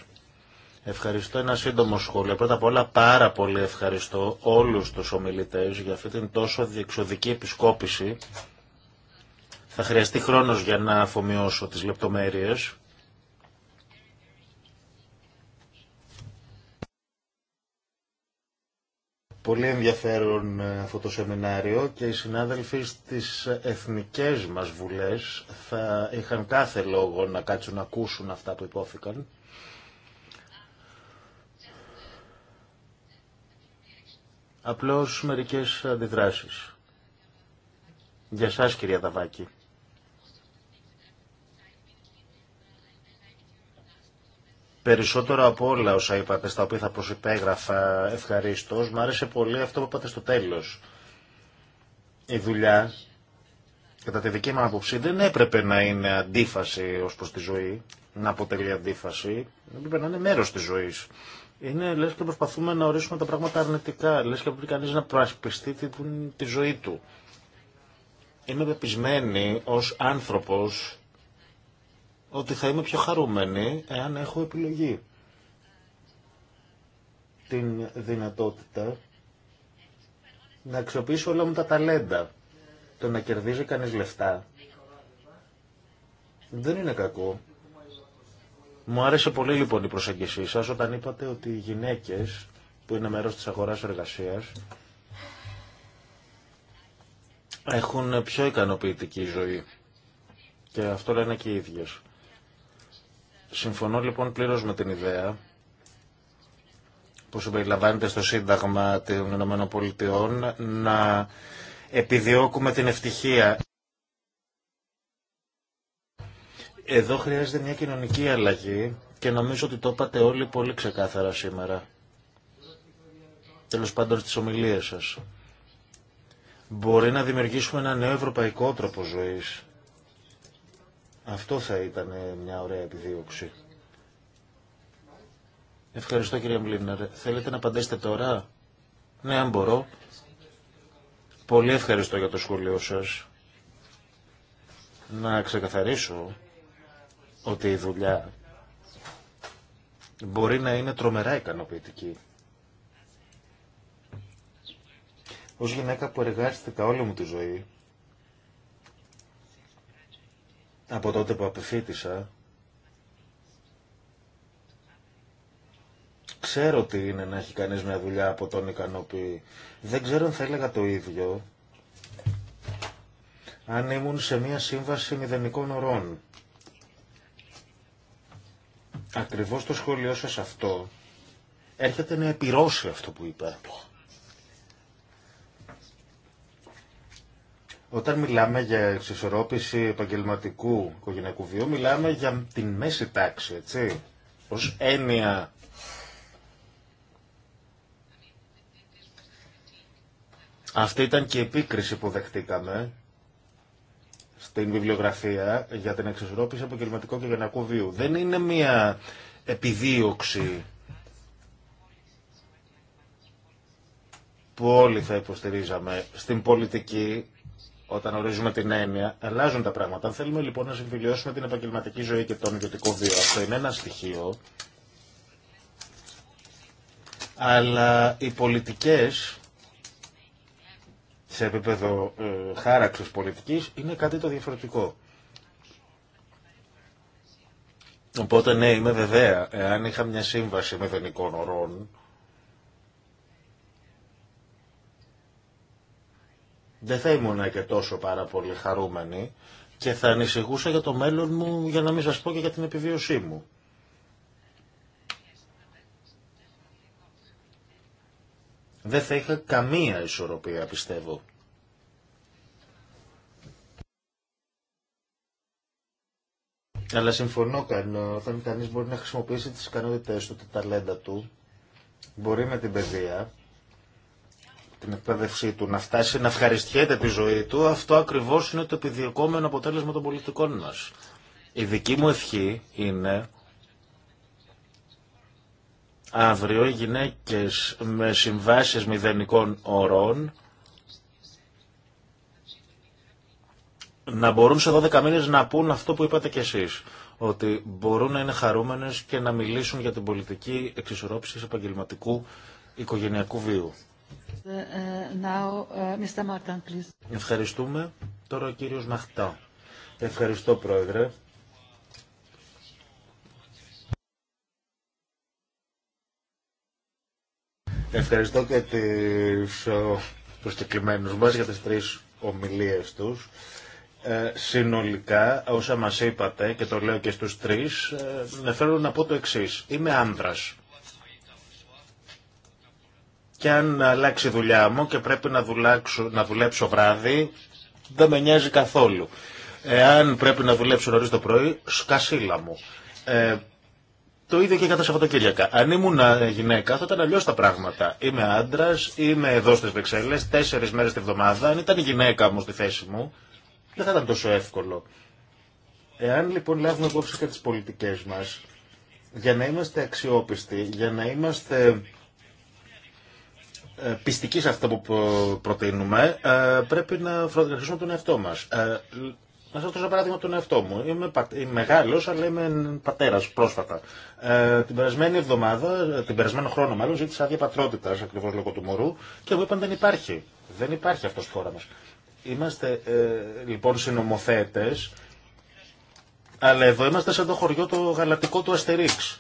Ευχαριστώ. Ένα σύντομο σχόλιο. Πρώτα απ' όλα πάρα πολύ ευχαριστώ όλους τους ομιλητές για αυτή την τόσο διεξοδική επισκόπηση. Θα χρειαστεί χρόνος για να αφομοιώσω τις λεπτομέρειες. Πολύ ενδιαφέρον ε, αυτό το σεμινάριο και οι συνάδελφοι στις εθνικές μας βουλές θα είχαν κάθε λόγο να κάτσουν να ακούσουν αυτά που υπόθηκαν. Απλώς μερικές αντιδράσεις. Για σας κυρία Δαβάκη. Περισσότερο από όλα όσα είπατε, στα οποία θα προσυπέγραφα ευχαρίστω, μου άρεσε πολύ αυτό που είπατε στο τέλο. Η δουλειά, κατά τη δική μου άποψη, δεν έπρεπε να είναι αντίφαση ω προ τη ζωή, να αποτελεί αντίφαση. Δεν Έπρεπε να είναι μέρο τη ζωή. Είναι λε και προσπαθούμε να ορίσουμε τα πράγματα αρνητικά. Λε και πρέπει κανεί να προασπιστεί τη, τη ζωή του. Είμαι πεπισμένη ω άνθρωπο ότι θα είμαι πιο χαρούμενη εάν έχω επιλογή. Την δυνατότητα να αξιοποιήσω όλα μου τα ταλέντα. Το να κερδίζει κανείς λεφτά δεν είναι κακό. Μου άρεσε πολύ λοιπόν η προσέγγιση σας όταν είπατε ότι οι γυναίκες που είναι μέρος της αγοράς εργασίας έχουν πιο ικανοποιητική ζωή. Και αυτό λένε και οι ίδιες. Συμφωνώ λοιπόν πλήρως με την ιδέα που συμπεριλαμβάνεται στο Σύνταγμα των Πολιτειών να επιδιώκουμε την ευτυχία. Εδώ χρειάζεται μια κοινωνική αλλαγή και νομίζω ότι το είπατε όλοι πολύ ξεκάθαρα σήμερα. Τέλος πάντων στις ομιλίες σας. Μπορεί να δημιουργήσουμε ένα νέο ευρωπαϊκό τρόπο ζωής αυτό θα ήταν μια ωραία επιδίωξη. Ευχαριστώ κύριε Μπλίνερ. Θέλετε να απαντήσετε τώρα. Ναι, αν μπορώ. Πολύ ευχαριστώ για το σχόλιο σας. Να ξεκαθαρίσω ότι η δουλειά μπορεί να είναι τρομερά ικανοποιητική. Ως γυναίκα που εργάστηκα όλη μου τη ζωή, από τότε που απεφύτησα, ξέρω τι είναι να έχει κανείς μια δουλειά από τον Δεν ξέρω αν θα έλεγα το ίδιο αν ήμουν σε μια σύμβαση μηδενικών ωρών. Ακριβώς το σχόλιο σας αυτό έρχεται να επιρρώσει αυτό που είπα. Όταν μιλάμε για εξισορρόπηση επαγγελματικού οικογενειακού βίου, μιλάμε για την μέση τάξη, έτσι, ως έννοια Αυτή ήταν και η επίκριση που δεχτήκαμε στην βιβλιογραφία για την εξισορρόπηση επαγγελματικού και βίου. Δεν είναι μια επιδίωξη που όλοι θα υποστηρίζαμε. Στην πολιτική όταν ορίζουμε την έννοια, αλλάζουν τα πράγματα. Αν θέλουμε λοιπόν να συμφιλειώσουμε την επαγγελματική ζωή και τον ιδιωτικό βίο, αυτό είναι ένα στοιχείο. Αλλά οι πολιτικές σε επίπεδο ε, χάραξης πολιτικής είναι κάτι το διαφορετικό. Οπότε ναι, είμαι βεβαία, εάν είχα μια σύμβαση με δενικών ορών, δεν θα ήμουν και τόσο πάρα πολύ χαρούμενη και θα ανησυχούσα για το μέλλον μου, για να μην σας πω και για την επιβίωσή μου. Δεν θα είχα καμία ισορροπία, πιστεύω. Αλλά συμφωνώ, όταν κανείς μπορεί να χρησιμοποιήσει τις ικανότητες του, τα ταλέντα του, μπορεί με την παιδεία, την εκπαίδευσή του, να φτάσει να ευχαριστιέται τη ζωή του, αυτό ακριβώ είναι το επιδιωκόμενο αποτέλεσμα των πολιτικών μα. Η δική μου ευχή είναι αύριο οι γυναίκες με συμβάσει μηδενικών ωρών να μπορούν σε 12 μήνε να πούν αυτό που είπατε κι εσεί: ότι μπορούν να είναι χαρούμενες και να μιλήσουν για την πολιτική εξισορρόπηση επαγγελματικού οικογενειακού βίου. Uh, uh, Ευχαριστούμε. Τώρα ο κύριος Μαχτά. Ευχαριστώ, Πρόεδρε. Ευχαριστώ και τις, τους τεκλημένους μας για τις τρεις ομιλίες τους. Ε, συνολικά, όσα μας είπατε, και το λέω και στους τρεις, ε, θέλω να πω το εξής. Είμαι άνδρας και αν αλλάξει η δουλειά μου και πρέπει να, δουλάξω, να δουλέψω βράδυ, δεν με νοιάζει καθόλου. Εάν πρέπει να δουλέψω νωρί το πρωί, σκασίλα μου. Ε, το ίδιο και για τα Σαββατοκύριακα. Αν ήμουν ε, γυναίκα, θα ήταν αλλιώ τα πράγματα. Είμαι άντρα, είμαι εδώ στι Βρυξέλλε, τέσσερι μέρε τη βδομάδα. Αν ήταν η γυναίκα μου στη θέση μου, δεν θα ήταν τόσο εύκολο. Εάν λοιπόν λάβουμε υπόψη και τι πολιτικέ μα, για να είμαστε αξιόπιστοι, για να είμαστε ε, πιστική σε αυτό που προτείνουμε, ε, πρέπει να φροντίσουμε τον εαυτό μας. Ε, να σα δώσω ένα παράδειγμα τον εαυτό μου. Είμαι μεγάλο, αλλά είμαι πατέρα πρόσφατα. την περασμένη εβδομάδα, την περασμένο χρόνο μάλλον, ζήτησα άδεια πατρότητα ακριβώ λόγω του μωρού και μου είπαν δεν υπάρχει. Δεν υπάρχει αυτό στη χώρα μα. Είμαστε λοιπόν συνομοθέτε, αλλά εδώ είμαστε σαν το χωριό το γαλατικό του Αστερίξ.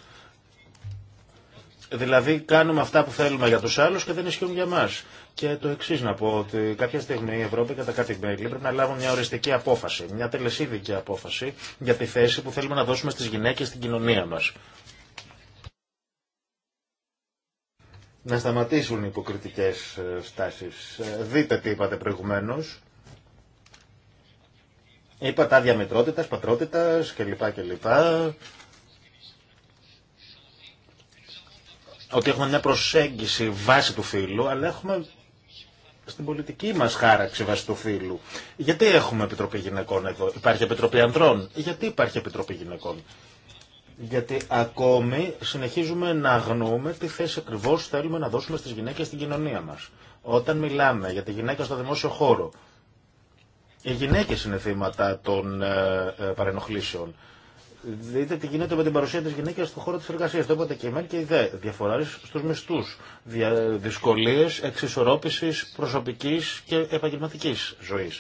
Δηλαδή κάνουμε αυτά που θέλουμε για τους άλλους και δεν ισχύουν για μας. Και το εξή να πω ότι κάποια στιγμή η Ευρώπη κατά κάτι μέλη πρέπει να λάβουν μια οριστική απόφαση, μια τελεσίδικη απόφαση για τη θέση που θέλουμε να δώσουμε στις γυναίκες στην κοινωνία μας. Να σταματήσουν οι υποκριτικές ε, στάσεις. Ε, δείτε τι είπατε προηγουμένως. Είπα τα διαμετρότητας, πατρότητας κλπ. κλπ. ότι έχουμε μια προσέγγιση βάση του φύλου, αλλά έχουμε στην πολιτική μα χάραξη βάση του φύλου. Γιατί έχουμε Επιτροπή Γυναικών εδώ, υπάρχει Επιτροπή Ανδρών, γιατί υπάρχει Επιτροπή Γυναικών. Γιατί ακόμη συνεχίζουμε να αγνοούμε τι θέση ακριβώ θέλουμε να δώσουμε στι γυναίκε στην κοινωνία μα. Όταν μιλάμε για τη γυναίκα στο δημόσιο χώρο, οι γυναίκε είναι θύματα των ε, ε, παρενοχλήσεων. Δείτε τι γίνεται με την παρουσία τη γυναίκα στον χώρο τη εργασία. Το είπατε και εμένα και ΔΕ. Διαφορά στου μισθού. Δυσκολίε εξισορρόπηση προσωπική και επαγγελματική ζωή.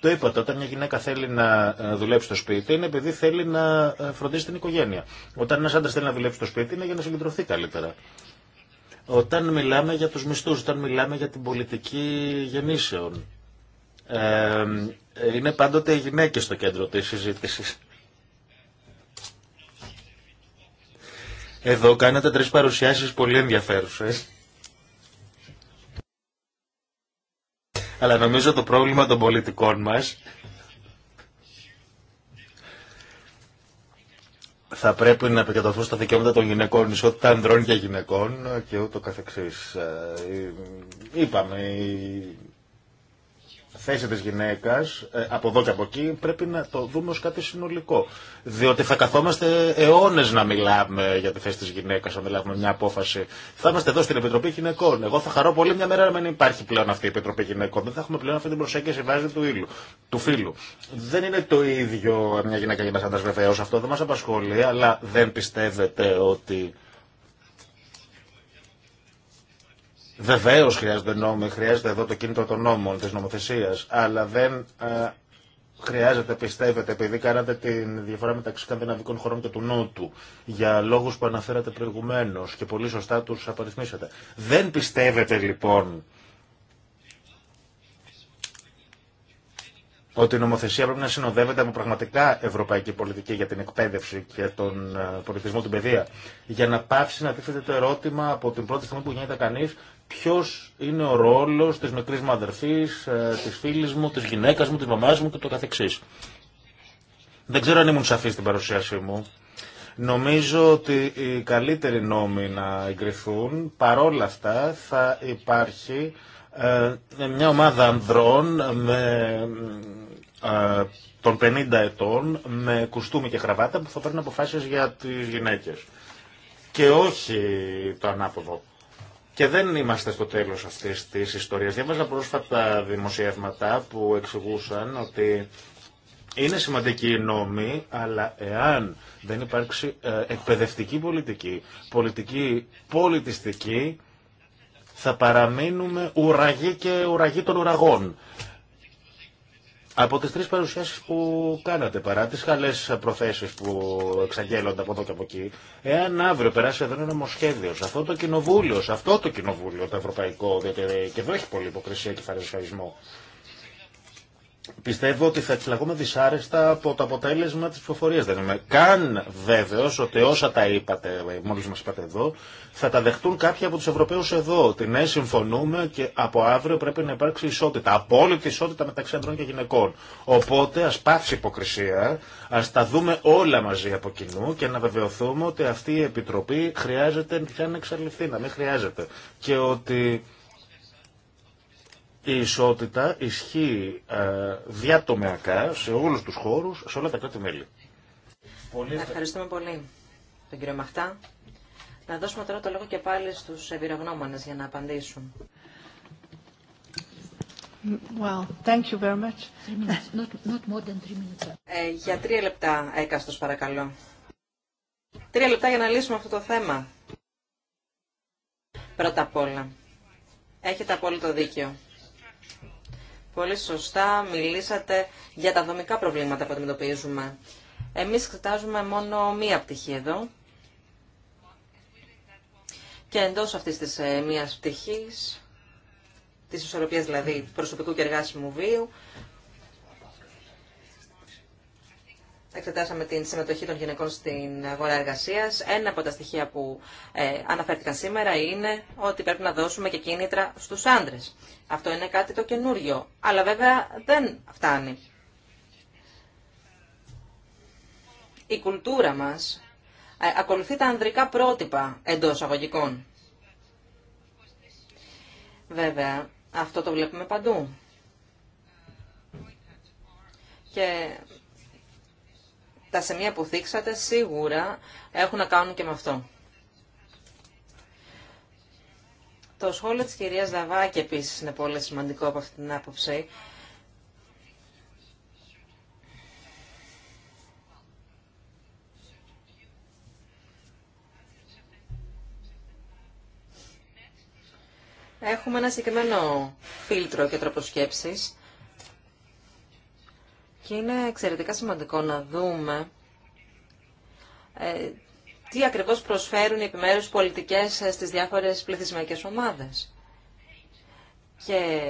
Το είπατε, όταν μια γυναίκα θέλει να ε, δουλέψει στο σπίτι είναι επειδή θέλει να ε, φροντίσει την οικογένεια. Όταν ένα άντρα θέλει να δουλέψει στο σπίτι είναι για να συγκεντρωθεί καλύτερα. Όταν μιλάμε για του μισθού, όταν μιλάμε για την πολιτική γεννήσεων. Ε, ε είναι πάντοτε οι γυναίκε στο κέντρο τη συζήτηση. Εδώ κάνατε τρεις παρουσιάσεις πολύ ενδιαφέρουσες. Αλλά νομίζω το πρόβλημα των πολιτικών μας θα πρέπει να επικεντρωθούν στα δικαιώματα των γυναικών, ισότητα ανδρών και γυναικών και ούτω καθεξής. Ε, είπαμε, θέση της γυναίκας ε, από εδώ και από εκεί πρέπει να το δούμε ως κάτι συνολικό. Διότι θα καθόμαστε αιώνες να μιλάμε για τη θέση της γυναίκας, αν δεν λάβουμε μια απόφαση. Θα είμαστε εδώ στην Επιτροπή Γυναικών. Εγώ θα χαρώ πολύ μια μέρα να μην υπάρχει πλέον αυτή η Επιτροπή Γυναικών. Δεν θα έχουμε πλέον αυτή την προσέγγιση βάση του, ήλου, του φίλου. Δεν είναι το ίδιο μια γυναίκα και ένα άντρα Αυτό δεν μα απασχολεί, αλλά δεν πιστεύετε ότι Βεβαίω χρειάζεται νόμοι, χρειάζεται εδώ το κίνητρο των νόμων, τη νομοθεσία, αλλά δεν ε, χρειάζεται, πιστεύετε, επειδή κάνατε τη διαφορά μεταξύ σκανδιναβικών χωρών και του Νότου, για λόγου που αναφέρατε προηγουμένω και πολύ σωστά του απαριθμίσατε. Δεν πιστεύετε λοιπόν ότι η νομοθεσία πρέπει να συνοδεύεται από πραγματικά ευρωπαϊκή πολιτική για την εκπαίδευση και τον ε, πολιτισμό, του παιδεία. Για να πάψει να τίθεται το ερώτημα από την πρώτη στιγμή που γίνεται κανεί, Ποιο είναι ο ρόλος της μικρής μου αδερφή, ε, της φίλης μου, της γυναίκας μου, της μαμάς μου και το καθεξής. Δεν ξέρω αν ήμουν σαφή στην παρουσίασή μου. Νομίζω ότι οι καλύτεροι νόμοι να εγκριθούν, παρόλα αυτά θα υπάρχει ε, μια ομάδα ανδρών με, ε, των 50 ετών με κουστούμι και χραβάτα που θα παίρνουν αποφάσεις για τις γυναίκες. Και όχι το ανάποδο. Και δεν είμαστε στο τέλος αυτής της ιστορίας. Διάβαζα πρόσφατα δημοσιεύματα που εξηγούσαν ότι είναι σημαντική η νόμη, αλλά εάν δεν υπάρξει ε, εκπαιδευτική πολιτική, πολιτική πολιτιστική, θα παραμείνουμε ουραγοί και ουραγοί των ουραγών. Από τις τρεις παρουσιάσεις που κάνατε, παρά τις καλές προθέσεις που εξαγγέλλονται από εδώ και από εκεί, εάν αύριο περάσει εδώ ένα νομοσχέδιο, σε αυτό το κοινοβούλιο, σε αυτό το κοινοβούλιο το ευρωπαϊκό, διότι και εδώ έχει πολύ υποκρισία και φαρεσιασμό, Πιστεύω ότι θα εξλαγούμε δυσάρεστα από το αποτέλεσμα τη ψηφοφορίας. Δεν είμαι καν βέβαιο ότι όσα τα είπατε, μόλι μα είπατε εδώ, θα τα δεχτούν κάποιοι από του Ευρωπαίου εδώ. Ότι ναι, συμφωνούμε και από αύριο πρέπει να υπάρξει ισότητα. Απόλυτη ισότητα μεταξύ ανδρών και γυναικών. Οπότε α πάψει υποκρισία, α τα δούμε όλα μαζί από κοινού και να βεβαιωθούμε ότι αυτή η Επιτροπή χρειάζεται να εξαλειφθεί, να μην χρειάζεται. Και ότι η ισότητα ισχύει ε, διατομεακά σε όλους τους χώρους, σε όλα τα κράτη-μέλη. Ευχαριστούμε πολύ τον κύριο Μαχτά. Να δώσουμε τώρα το λόγο και πάλι στους εμπειρογνώμονες για να απαντήσουν. Well, thank you very much. Not, not more than minutes. Ε, για τρία λεπτά έκαστος παρακαλώ. Τρία λεπτά για να λύσουμε αυτό το θέμα. Πρώτα απ' όλα. Έχετε απόλυτο δίκιο. Πολύ σωστά μιλήσατε για τα δομικά προβλήματα που αντιμετωπίζουμε. Εμείς εξετάζουμε μόνο μία πτυχή εδώ. Και εντός αυτής της ε, μίας πτυχής, της ισορροπίας δηλαδή προσωπικού και εργάσιμου βίου, εξετάσαμε την συμμετοχή των γυναικών στην αγορά εργασία. Ένα από τα στοιχεία που ε, αναφέρθηκαν σήμερα είναι ότι πρέπει να δώσουμε και κίνητρα στου άντρε. Αυτό είναι κάτι το καινούριο. Αλλά βέβαια δεν φτάνει. Η κουλτούρα μας ε, ακολουθεί τα ανδρικά πρότυπα εντό αγωγικών. Βέβαια, αυτό το βλέπουμε παντού. Και τα σημεία που δείξατε σίγουρα έχουν να κάνουν και με αυτό. Το σχόλιο της κυρίας Δαβάκη επίσης είναι πολύ σημαντικό από αυτή την άποψη. Έχουμε ένα συγκεκριμένο φίλτρο και τρόπο σκέψης και είναι εξαιρετικά σημαντικό να δούμε ε, τι ακριβώς προσφέρουν οι επιμέρους πολιτικές ε, στις διάφορες πληθυσμιακές ομάδες. Και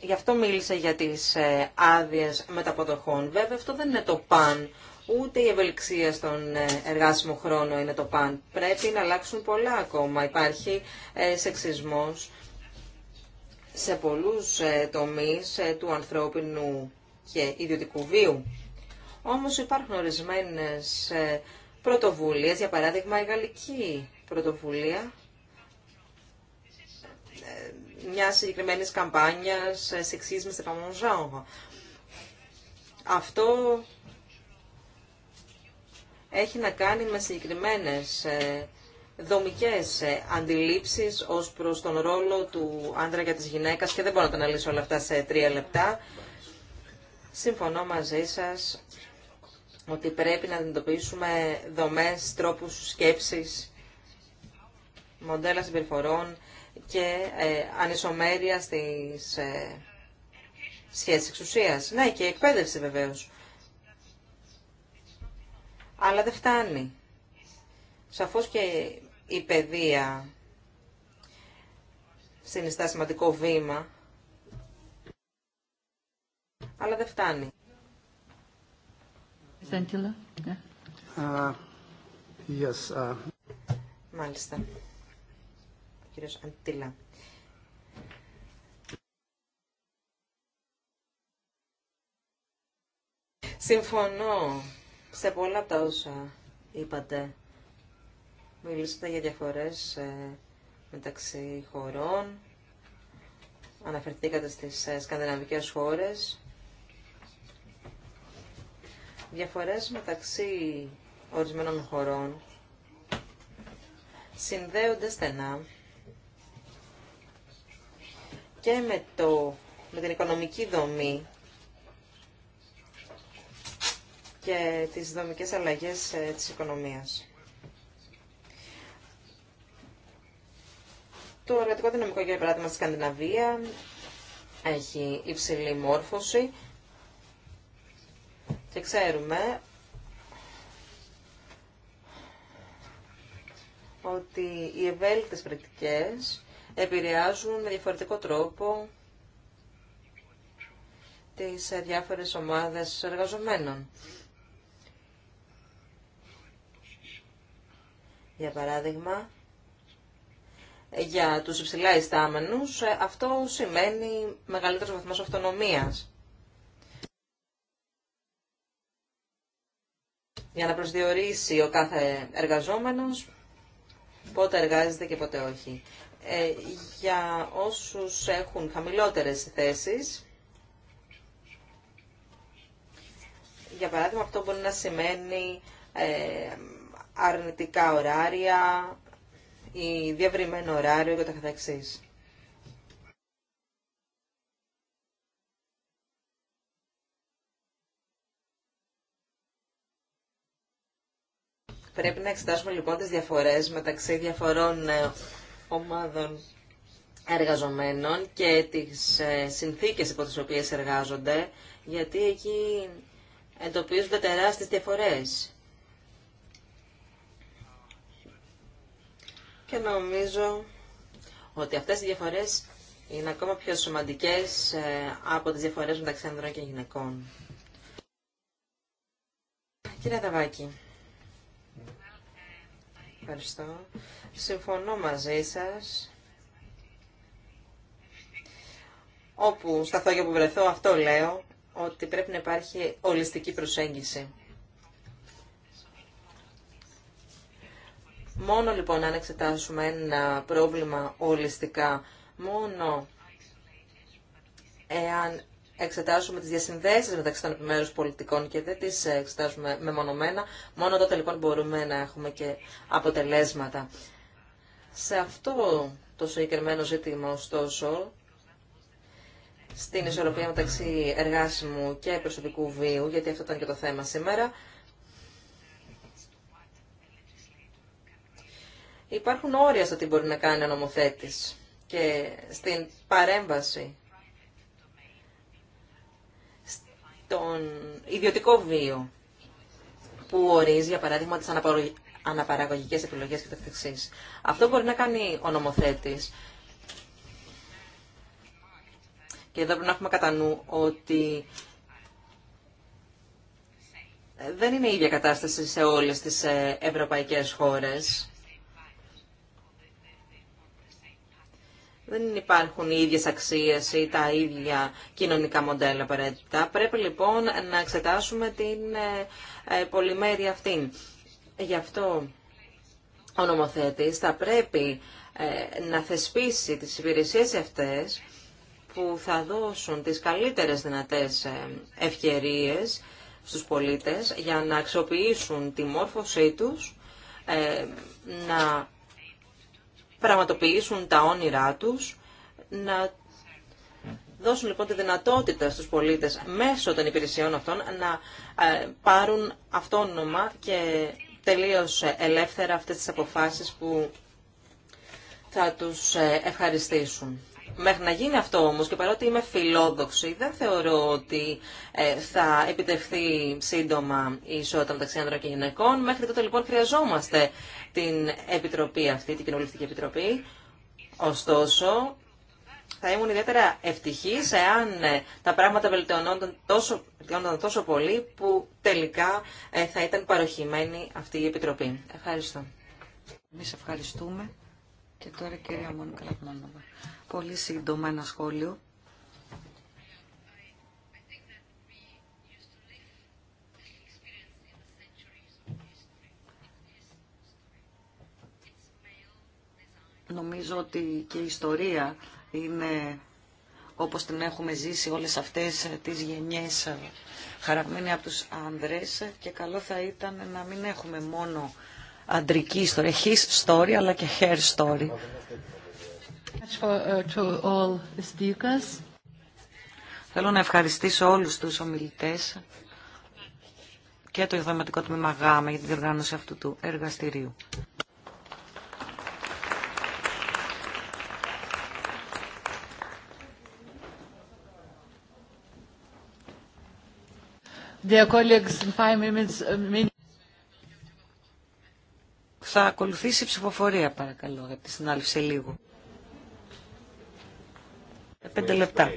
γι' αυτό μίλησε για τις ε, άδειες μεταποδοχών. Βέβαια αυτό δεν είναι το παν, ούτε η ευελιξία στον εργάσιμο χρόνο είναι το παν. Πρέπει να αλλάξουν πολλά ακόμα. Υπάρχει σεξισμός σε πολλούς τομείς του ανθρώπινου και ιδιωτικού βίου. Όμως υπάρχουν ορισμένες ε, πρωτοβουλίες, για παράδειγμα η γαλλική πρωτοβουλία ε, μια συγκεκριμένη καμπάνια ε, σεξίσμου σε genre. Αυτό έχει να κάνει με συγκεκριμένε δομικέ αντιλήψει ω προ τον ρόλο του άντρα για τη Γυναίκα και δεν μπορώ να τα αναλύσω όλα αυτά σε τρία λεπτά. Συμφωνώ μαζί σας ότι πρέπει να αντιμετωπίσουμε δομές, τρόπους σκέψης, μοντέλα συμπεριφορών και ε, ανισομέρεια στις ε, σχέσεις εξουσίας. Ναι, και εκπαίδευση βεβαίως. Αλλά δεν φτάνει. Σαφώς και η παιδεία συνιστά σημαντικό βήμα αλλά δεν φτάνει. Uh, yes, uh... Μάλιστα. Αντίλα. Συμφωνώ σε πολλά από τα όσα είπατε. Μιλήσατε για διαφορές ε, μεταξύ χωρών. Αναφερθήκατε στις ε, σκανδιναβικές χώρες διαφορές μεταξύ ορισμένων χωρών συνδέονται στενά και με, το, με την οικονομική δομή και τις δομικές αλλαγές ε, της οικονομίας. Το εργατικό δυναμικό, για παράδειγμα, στη Σκανδιναβία έχει υψηλή μόρφωση και ξέρουμε ότι οι ευέλικτες πρακτικές επηρεάζουν με διαφορετικό τρόπο τις διάφορες ομάδες εργαζομένων. Για παράδειγμα, για τους υψηλά ιστάμενους αυτό σημαίνει μεγαλύτερος βαθμός αυτονομίας. για να προσδιορίσει ο κάθε εργαζόμενος πότε εργάζεται και πότε όχι. Ε, για όσους έχουν χαμηλότερες θέσεις, για παράδειγμα αυτό μπορεί να σημαίνει ε, αρνητικά ωράρια ή διαβριμένο ωράριο και τα καθεξής. Πρέπει να εξετάσουμε λοιπόν τις διαφορές μεταξύ διαφορών ε, ομάδων εργαζομένων και τις ε, συνθήκες υπό τις οποίες εργάζονται, γιατί εκεί εντοπίζονται τεράστιες διαφορές. Και νομίζω ότι αυτές οι διαφορές είναι ακόμα πιο σημαντικές ε, από τις διαφορές μεταξύ ανδρών και γυναικών. Κύριε Ταβάκη, Ευχαριστώ. Συμφωνώ μαζί σας. Όπου σταθώ και που βρεθώ, αυτό λέω, ότι πρέπει να υπάρχει ολιστική προσέγγιση. Μόνο λοιπόν αν εξετάσουμε ένα πρόβλημα ολιστικά, μόνο εάν εξετάσουμε τις διασυνδέσεις μεταξύ των επιμέρους πολιτικών και δεν τις εξετάζουμε μεμονωμένα. Μόνο τότε λοιπόν μπορούμε να έχουμε και αποτελέσματα. Σε αυτό το συγκεκριμένο ζήτημα, ωστόσο, στην ισορροπία μεταξύ εργάσιμου και προσωπικού βίου, γιατί αυτό ήταν και το θέμα σήμερα, υπάρχουν όρια στο τι μπορεί να κάνει ο νομοθέτης και στην παρέμβαση τον ιδιωτικό βίο που ορίζει, για παράδειγμα, τις αναπαραγωγικές επιλογές και το Αυτό μπορεί να κάνει ο νομοθέτης. Και εδώ πρέπει να έχουμε κατά νου ότι δεν είναι η ίδια κατάσταση σε όλες τις ε, ευρωπαϊκές χώρες. δεν υπάρχουν οι ίδιες αξίες ή τα ίδια κοινωνικά μοντέλα απαραίτητα. Πρέπει λοιπόν να εξετάσουμε την ε, ε, πολυμέρεια αυτή. Γι' αυτό ο νομοθέτης θα πρέπει ε, να θεσπίσει τις υπηρεσίες αυτές που θα δώσουν τις καλύτερες δυνατές ευκαιρίες στους πολίτες για να αξιοποιήσουν τη μόρφωσή τους, να πραγματοποιήσουν τα όνειρά τους, να δώσουν λοιπόν τη δυνατότητα στους πολίτες μέσω των υπηρεσιών αυτών να ε, πάρουν αυτόνομα και τελείως ελεύθερα αυτές τις αποφάσεις που θα τους ε, ευχαριστήσουν. Μέχρι να γίνει αυτό όμως και παρότι είμαι φιλόδοξη, δεν θεωρώ ότι ε, θα επιτευχθεί σύντομα η ισότητα μεταξύ άνδρων και γυναικών. Μέχρι τότε λοιπόν χρειαζόμαστε την επιτροπή αυτή, την κοινοβουλευτική επιτροπή. Ωστόσο, θα ήμουν ιδιαίτερα ευτυχή εάν ε, τα πράγματα βελτιωνόνταν τόσο, τόσο πολύ που τελικά ε, θα ήταν παροχημένη αυτή η επιτροπή. Ευχαριστώ. Εμεί ευχαριστούμε. Και τώρα κυρία Μόνικα καλημέρα. Πολύ σύντομα ένα σχόλιο Νομίζω ότι και η ιστορία είναι όπως την έχουμε ζήσει όλες αυτές τις γενιές ε, χαραγμένη από τους άνδρες και καλό θα ήταν να μην έχουμε μόνο αντρική ιστορία, his story αλλά και her story. Uh, Θέλω να ευχαριστήσω όλους τους ομιλητές και το Ιδρυματικό Τμήμα ΓΑΜΑ για την διοργάνωση αυτού του εργαστηρίου. Uh, Θα ακολουθήσει η ψηφοφορία, παρακαλώ, γιατί τη συνάλληψη λίγο. Πέντε λεπτά.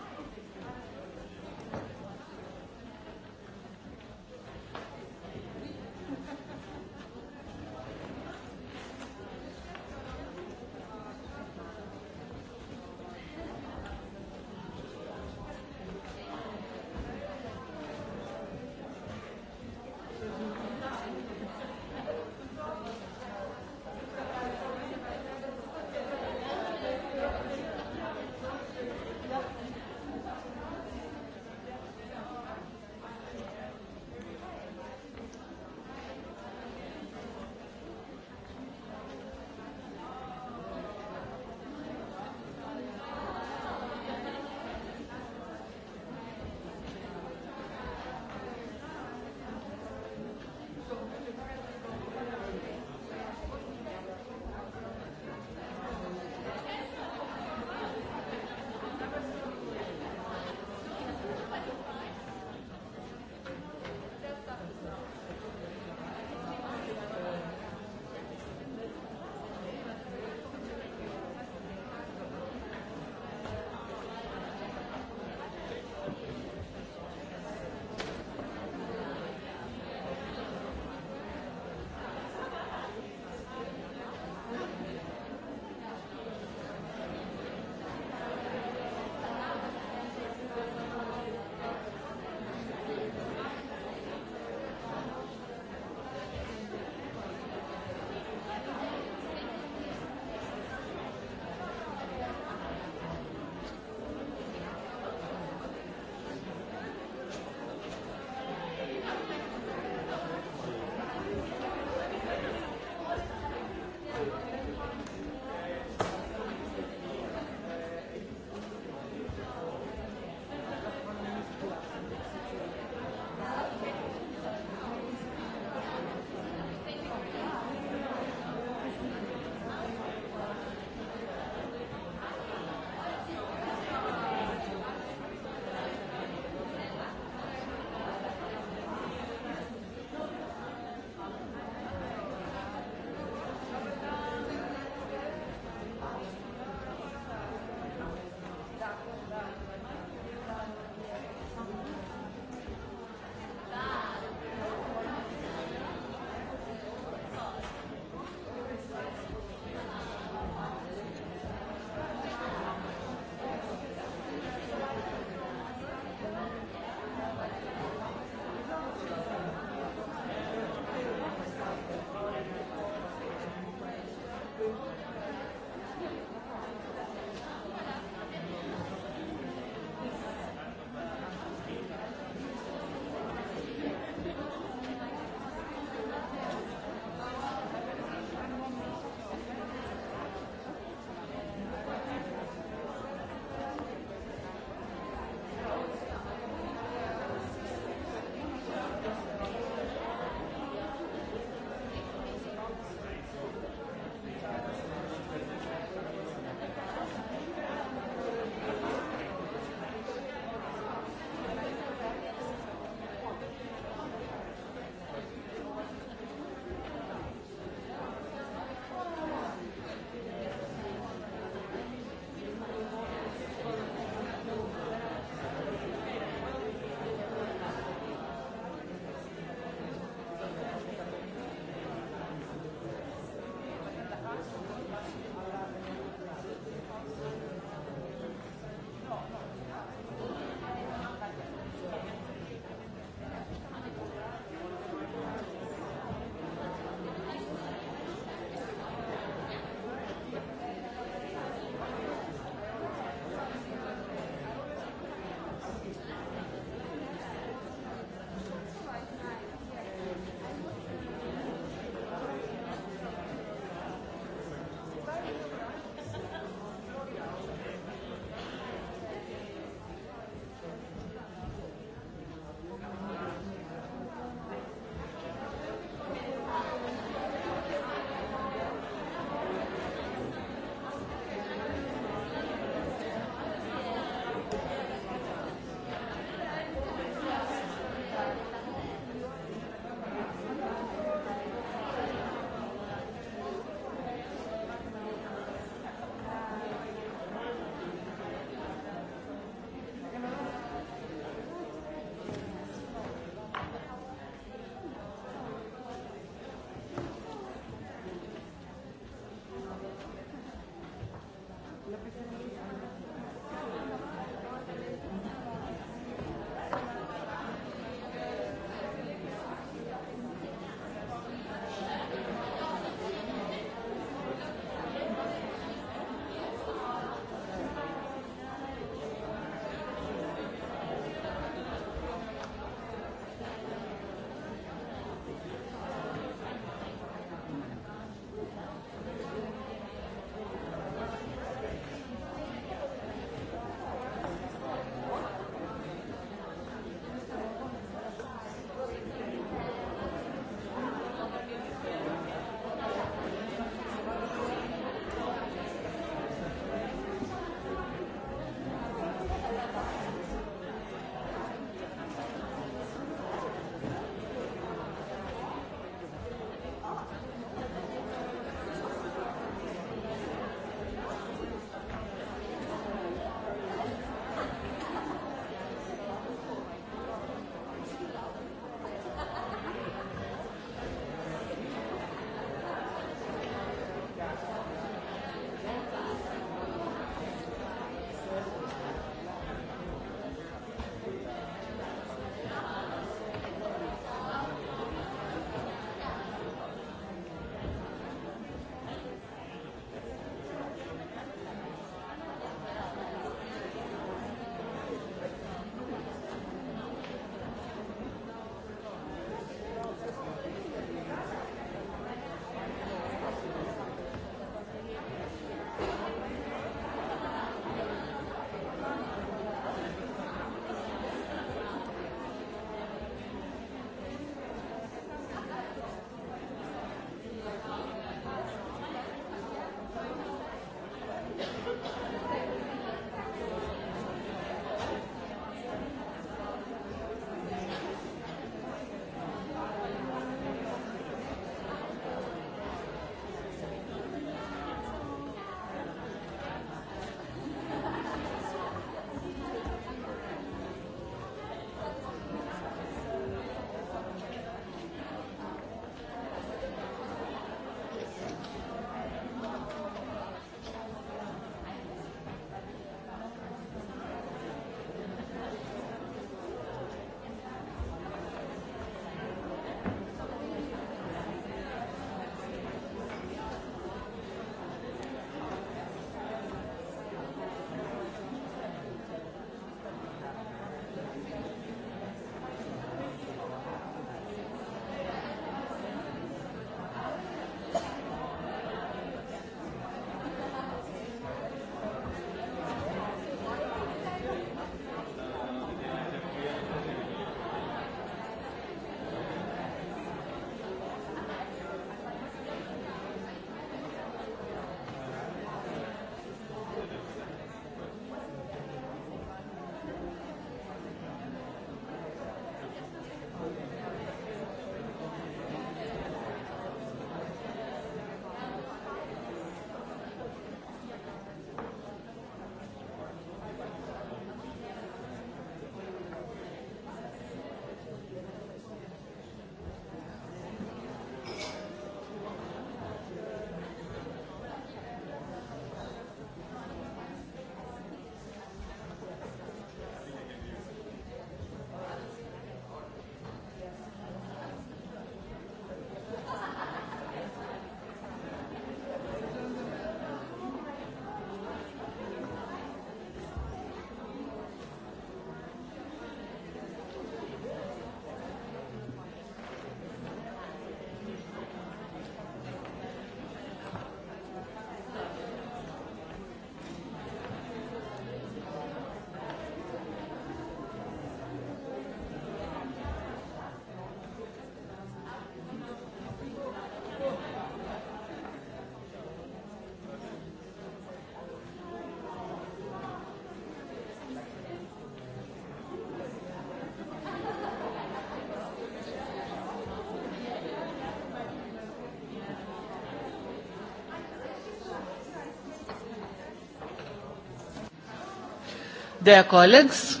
Dear colleagues.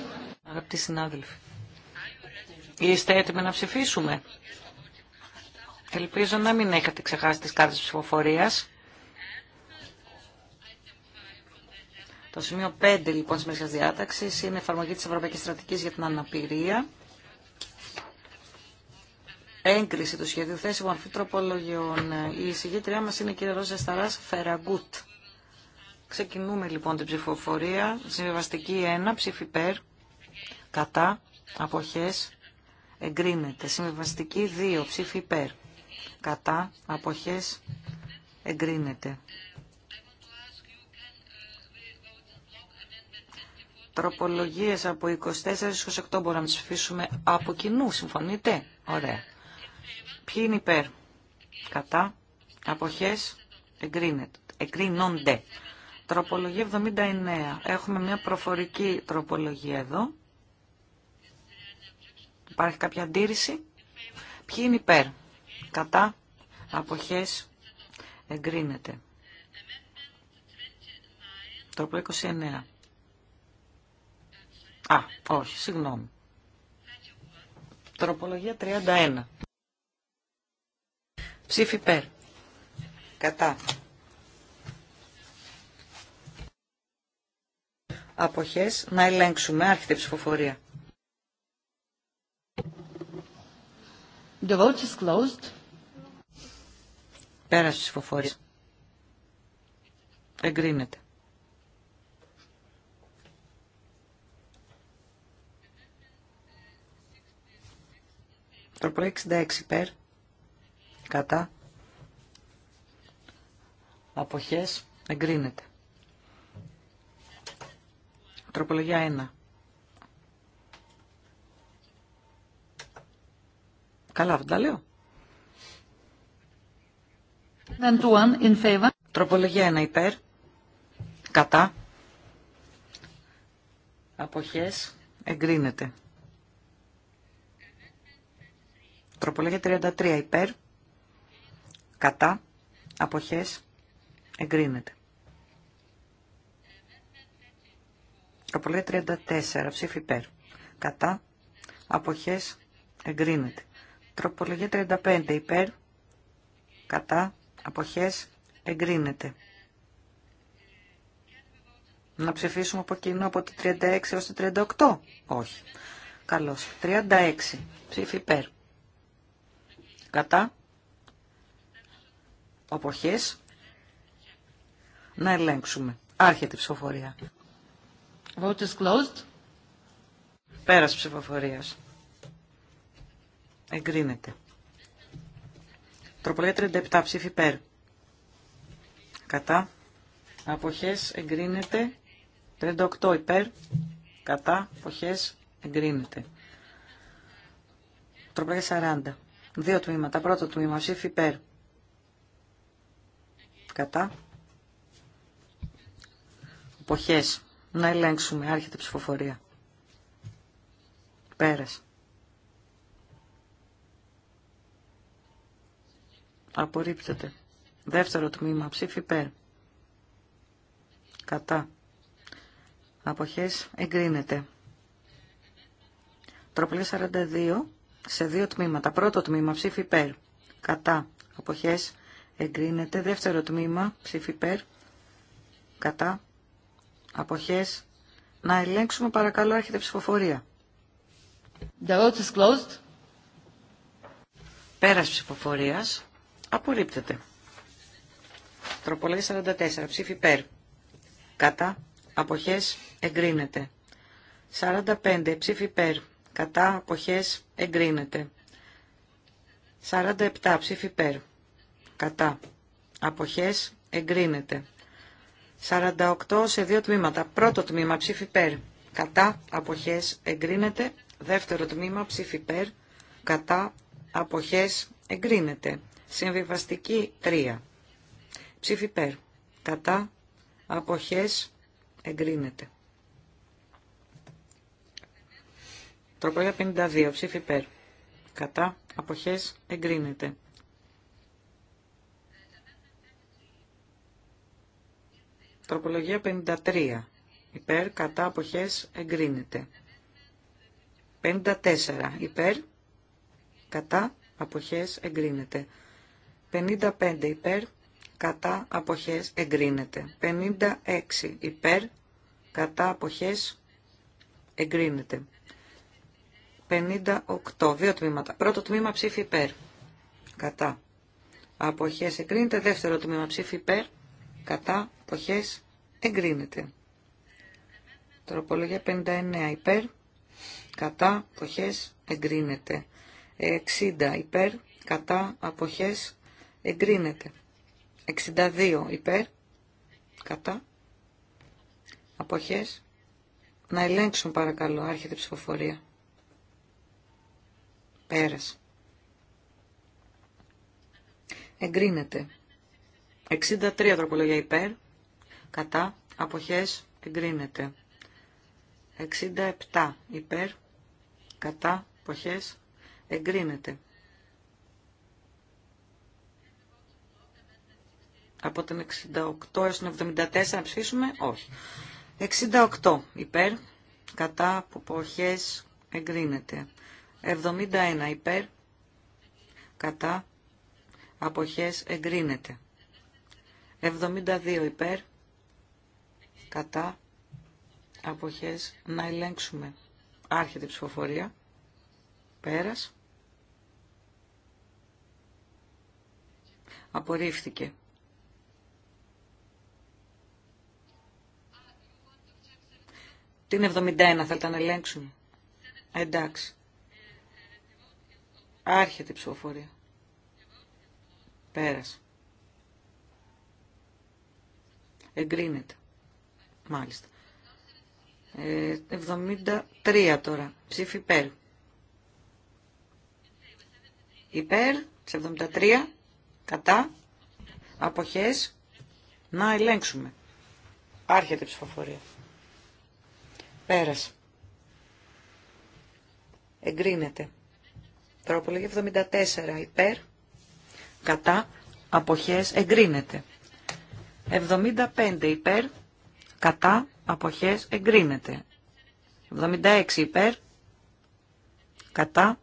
Αγαπητοί συνάδελφοι, είστε έτοιμοι να ψηφίσουμε. Ελπίζω να μην έχετε ξεχάσει τις κάρτες ψηφοφορία. Το σημείο 5 λοιπόν της Μέσης Διάταξης είναι εφαρμογή της Ευρωπαϊκής Στρατικής για την Αναπηρία. Έγκριση του σχεδίου θέση μορφή τροπολογιών. Η εισηγήτριά μας είναι η κυρία Ρόζα Σταράς Φεραγκούτ. Ξεκινούμε λοιπόν την ψηφοφορία. Συμβιβαστική 1, ψήφι υπέρ, κατά, αποχές, εγκρίνεται. Συμβιβαστική 2, ψήφι υπέρ, κατά, αποχές, εγκρίνεται. Τροπολογίες από 24 έως 28 μπορούμε να τις ψηφίσουμε από κοινού. Συμφωνείτε? Ωραία. Ποιοι είναι υπέρ, κατά, αποχές, εγκρίνεται. εγκρίνονται. Τροπολογία 79. Έχουμε μια προφορική τροπολογία εδώ. Υπάρχει κάποια αντίρρηση. Ποιοι είναι υπέρ. Κατά. Αποχές. Εγκρίνεται. Τρόπο 29. Α, όχι, συγγνώμη. Τροπολογία 31. Ψήφι υπέρ. Κατά. αποχές να ελέγξουμε. Άρχεται η ψηφοφορία. The vote is closed. Πέρασε ψηφοφορία. Εγκρίνεται. Το 66 υπέρ. Κατά. Αποχές. Εγκρίνεται. Τροπολογία 1. Καλά δεν τα λέω. Τροπολογία 1 υπέρ. Κατά. Αποχές. Εγκρίνεται. Τροπολογία 33 υπέρ. Κατά. Αποχές. Εγκρίνεται. Τροπολογία 34. Ψήφι υπέρ. Κατά. Αποχές. Εγκρίνεται. Τροπολογία 35. Υπέρ. Κατά. Αποχές. Εγκρίνεται. Να ψηφίσουμε από κοινό από τη 36 έως τη 38. Όχι. Καλώς. 36. Ψήφι υπέρ. Κατά. Αποχές. Να ελέγξουμε. Άρχεται η ψηφοφορία. Vote is closed. Πέρας ψηφοφορίας. Εγκρίνεται. Τροπολογία 37 ψήφι πέρ. Κατά. Αποχές εγκρίνεται. 38 υπέρ. Κατά. Αποχές εγκρίνεται. Τροπολογία 40. Δύο τμήματα. Πρώτο τμήμα ψήφι υπέρ. Κατά. Αποχές να ελέγξουμε. Άρχεται η ψηφοφορία. Πέρας. Απορρίπτεται. Δεύτερο τμήμα. Ψήφι περ. Κατά. Αποχές εγκρίνεται. Τροπλή 42 σε δύο τμήματα. Πρώτο τμήμα ψήφι περ. Κατά. Αποχές εγκρίνεται. Δεύτερο τμήμα ψήφι περ. Κατά αποχές, να ελέγξουμε παρακαλώ έρχεται ψηφοφορία. The vote is closed. Πέρας ψηφοφορίας, απορρίπτεται. Τροπολέγη 44, ψήφι περ. Κατά, αποχές, εγκρίνεται. 45, ψήφι περ. Κατά, αποχές, εγκρίνεται. 47, ψήφι περ. Κατά, αποχές, εγκρίνεται. 48 σε δύο τμήματα. Πρώτο τμήμα ψήφι περ. Κατά αποχές εγκρίνεται. Δεύτερο τμήμα ψήφι περ. Κατά αποχές εγκρίνεται. Συμβιβαστική 3. Ψήφι περ. Κατά αποχές εγκρίνεται. Τροπολία 52. Ψήφι περ. Κατά αποχές εγκρίνεται. Τροπολογία 53. Υπέρ, κατά, αποχές, εγκρίνεται. 54. Υπέρ, κατά, αποχές, εγκρίνεται. 55. Υπέρ, κατά, αποχές, εγκρίνεται. 56. Υπέρ, κατά, αποχές, εγκρίνεται. 58. Δύο τμήματα. Πρώτο τμήμα ψήφι υπέρ. Κατά. Αποχές εγκρίνεται. Δεύτερο τμήμα ψήφι υπέρ κατά, αποχές, εγκρίνεται. Τροπολογία 59 υπέρ, κατά, αποχές, εγκρίνεται. 60 υπέρ, κατά, αποχές, εγκρίνεται. 62 υπέρ, κατά, αποχές, να ελέγξουν παρακαλώ, άρχεται η ψηφοφορία. Πέρας. Εγκρίνεται. 63 τροπολογία υπέρ, κατά, αποχές, εγκρίνεται. 67 υπέρ, κατά, αποχές, εγκρίνεται. Από την 68 έως την 74 να ψήσουμε, όχι. 68 υπέρ, κατά, αποχές, εγκρίνεται. 71 υπέρ, κατά, αποχές, εγκρίνεται. 72 υπέρ, κατά, αποχές, να ελέγξουμε. Άρχεται η ψηφοφορία, πέρας, απορρίφθηκε. Την 71 θέλετε να ελέγξουμε. Εντάξει. Άρχεται η ψηφοφορία. Πέρασε. Εγκρίνεται. Μάλιστα. Ε, 73 τώρα. Ψήφι υπέρ. Υπέρ. 73. Κατά. Αποχές. Να ελέγξουμε. Άρχεται η ψηφοφορία. Πέρασε. Εγκρίνεται. Τροπολογία 74. Υπέρ. Κατά. Αποχές. Εγκρίνεται. 75 υπέρ, κατά, αποχές, εγκρίνεται. 76 υπέρ, κατά,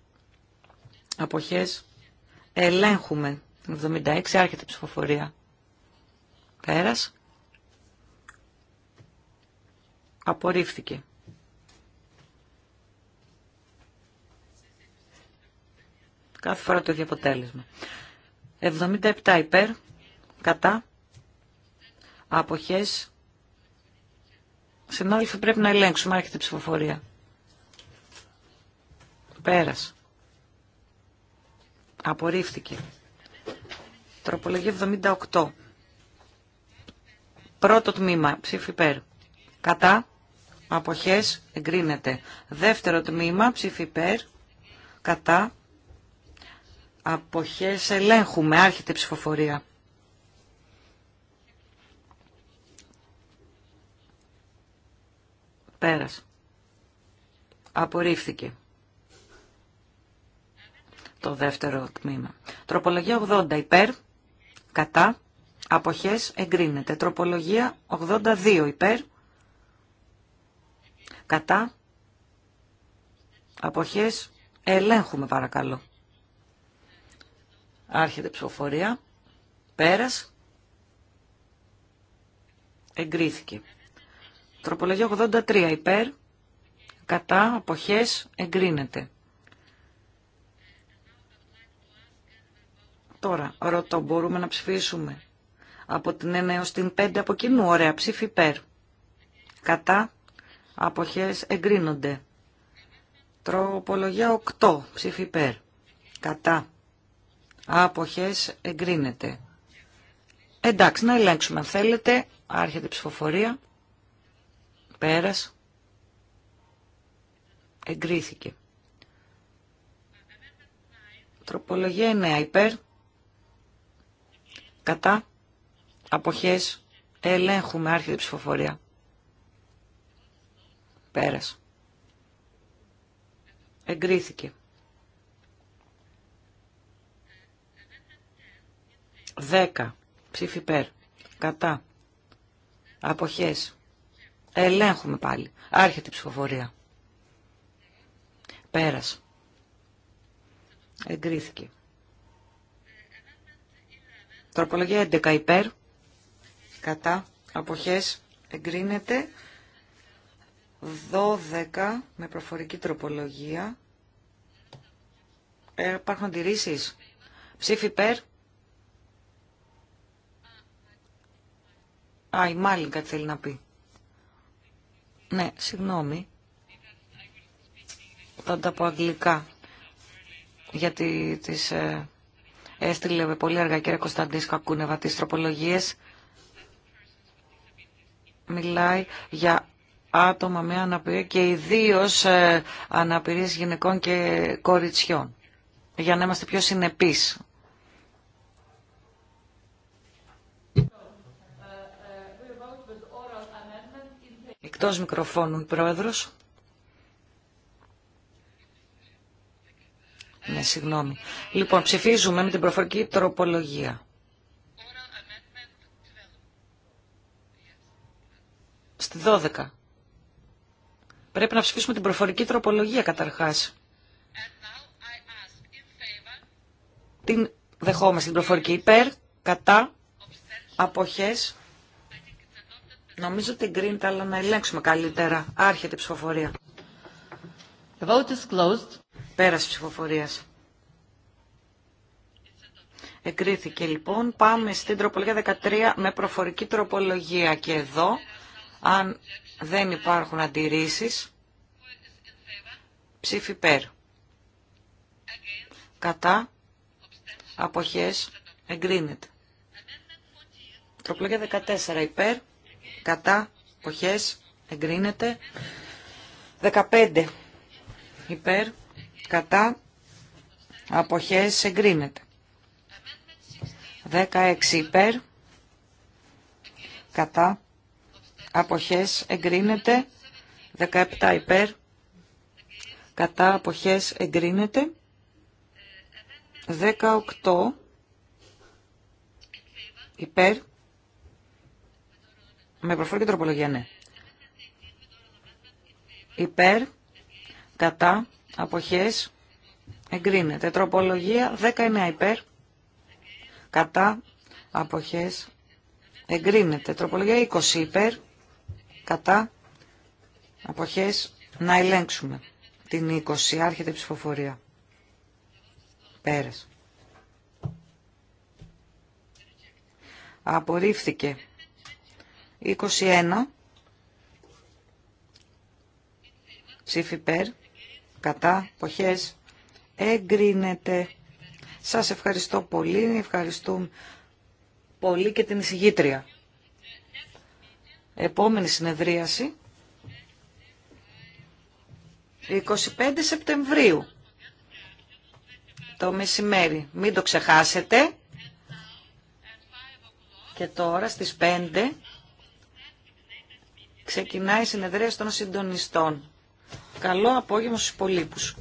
αποχές, ελέγχουμε. 76 άρχεται η ψηφοφορία. Πέρας. Απορρίφθηκε. Κάθε φορά το ίδιο αποτέλεσμα. 77 υπέρ, κατά, Αποχές. Συνάδελφοι, πρέπει να ελέγξουμε. Άρχεται η ψηφοφορία. Πέρας. Απορρίφθηκε. Τροπολογία 78. Πρώτο τμήμα. Ψήφι υπέρ. Κατά. Αποχές. Εγκρίνεται. Δεύτερο τμήμα. Ψήφι υπέρ. Κατά. Αποχές. Ελέγχουμε. Άρχεται η ψηφοφορία. Πέρας. Απορρίφθηκε. Το δεύτερο τμήμα. Τροπολογία 80 υπέρ, κατά, αποχές εγκρίνεται. Τροπολογία 82 υπέρ, κατά, αποχές ελέγχουμε παρακαλώ. Άρχεται ψηφοφορία. Πέρας. Εγκρίθηκε. Τροπολογία 83 υπέρ, κατά, αποχές, εγκρίνεται. Τώρα, ρωτώ, μπορούμε να ψηφίσουμε από την 1 έως την 5 από κοινού. Ωραία, ψήφι υπέρ. Κατά, αποχές, εγκρίνονται. Τροπολογία 8, ψήφι υπέρ. Κατά, αποχές, εγκρίνεται. Εντάξει, να ελέγξουμε αν θέλετε. Άρχεται η ψηφοφορία. Πέρας. Εγκρίθηκε. Τροπολογία 9 υπέρ. Κατά. Αποχές. Ελέγχουμε άρχισε ψηφοφορία. Πέρας. Εγκρίθηκε. 10. Ψήφι υπέρ. Κατά. Αποχές. Ελέγχουμε πάλι. Άρχεται η ψηφοφορία. Πέρασε. Εγκρίθηκε. Τροπολογία 11 υπέρ. Κατά. Αποχές. Εγκρίνεται. 12 με προφορική τροπολογία. Ε, υπάρχουν αντιρρήσεις. Ψήφι υπέρ. Α, η Μάλιν κάτι θέλει να πει. Ναι, συγγνώμη. Θα τα πω αγγλικά. Γιατί τις ε, έστειλε πολύ αργά κύριε Κωνσταντής Κακούνεβα τις τροπολογίες. Μιλάει για άτομα με αναπηρία και ιδίως ε, γυναικών και κοριτσιών. Για να είμαστε πιο συνεπείς Εκτός μικροφώνου, πρόεδρος. Ναι, συγγνώμη. Λοιπόν, ψηφίζουμε με την προφορική τροπολογία. Στη 12. Πρέπει να ψηφίσουμε την προφορική τροπολογία καταρχάς. Την δεχόμαστε την προφορική υπέρ, κατά, αποχές, Νομίζω ότι εγκρίνεται, αλλά να ελέγξουμε καλύτερα. Άρχεται η ψηφοφορία. The vote is closed. Πέρασε ψηφοφορία. Εγκρίθηκε λοιπόν. Πάμε στην τροπολογία 13 με προφορική τροπολογία. Και εδώ, αν δεν υπάρχουν αντιρρήσεις, ψήφι περ. Κατά. Αποχές. Εγκρίνεται. Τροπολογία 14 υπέρ κατά, αποχές, εγκρίνεται. 15 υπέρ, κατά, αποχές, εγκρίνεται. 16 υπέρ, κατά, αποχές, εγκρίνεται. 17 υπέρ, κατά, αποχές, εγκρίνεται. 18 υπέρ, με προφορική τροπολογία, ναι. Υπέρ, κατά, αποχές, εγκρίνεται. Τροπολογία 19 υπέρ, κατά, αποχές, εγκρίνεται. Τροπολογία 20 υπέρ, κατά, αποχές, να ελέγξουμε την 20, άρχεται η ψηφοφορία. Πέρας. Απορρίφθηκε. 21 ψήφι κατά, ποχές, εγκρίνεται. Σας ευχαριστώ πολύ, ευχαριστούμε πολύ και την εισηγήτρια. Επόμενη συνεδρίαση, 25 Σεπτεμβρίου, το μεσημέρι. Μην το ξεχάσετε. Και τώρα στις 5 Ξεκινάει η συνεδρία των συντονιστών. Καλό απόγευμα στους υπολείπους.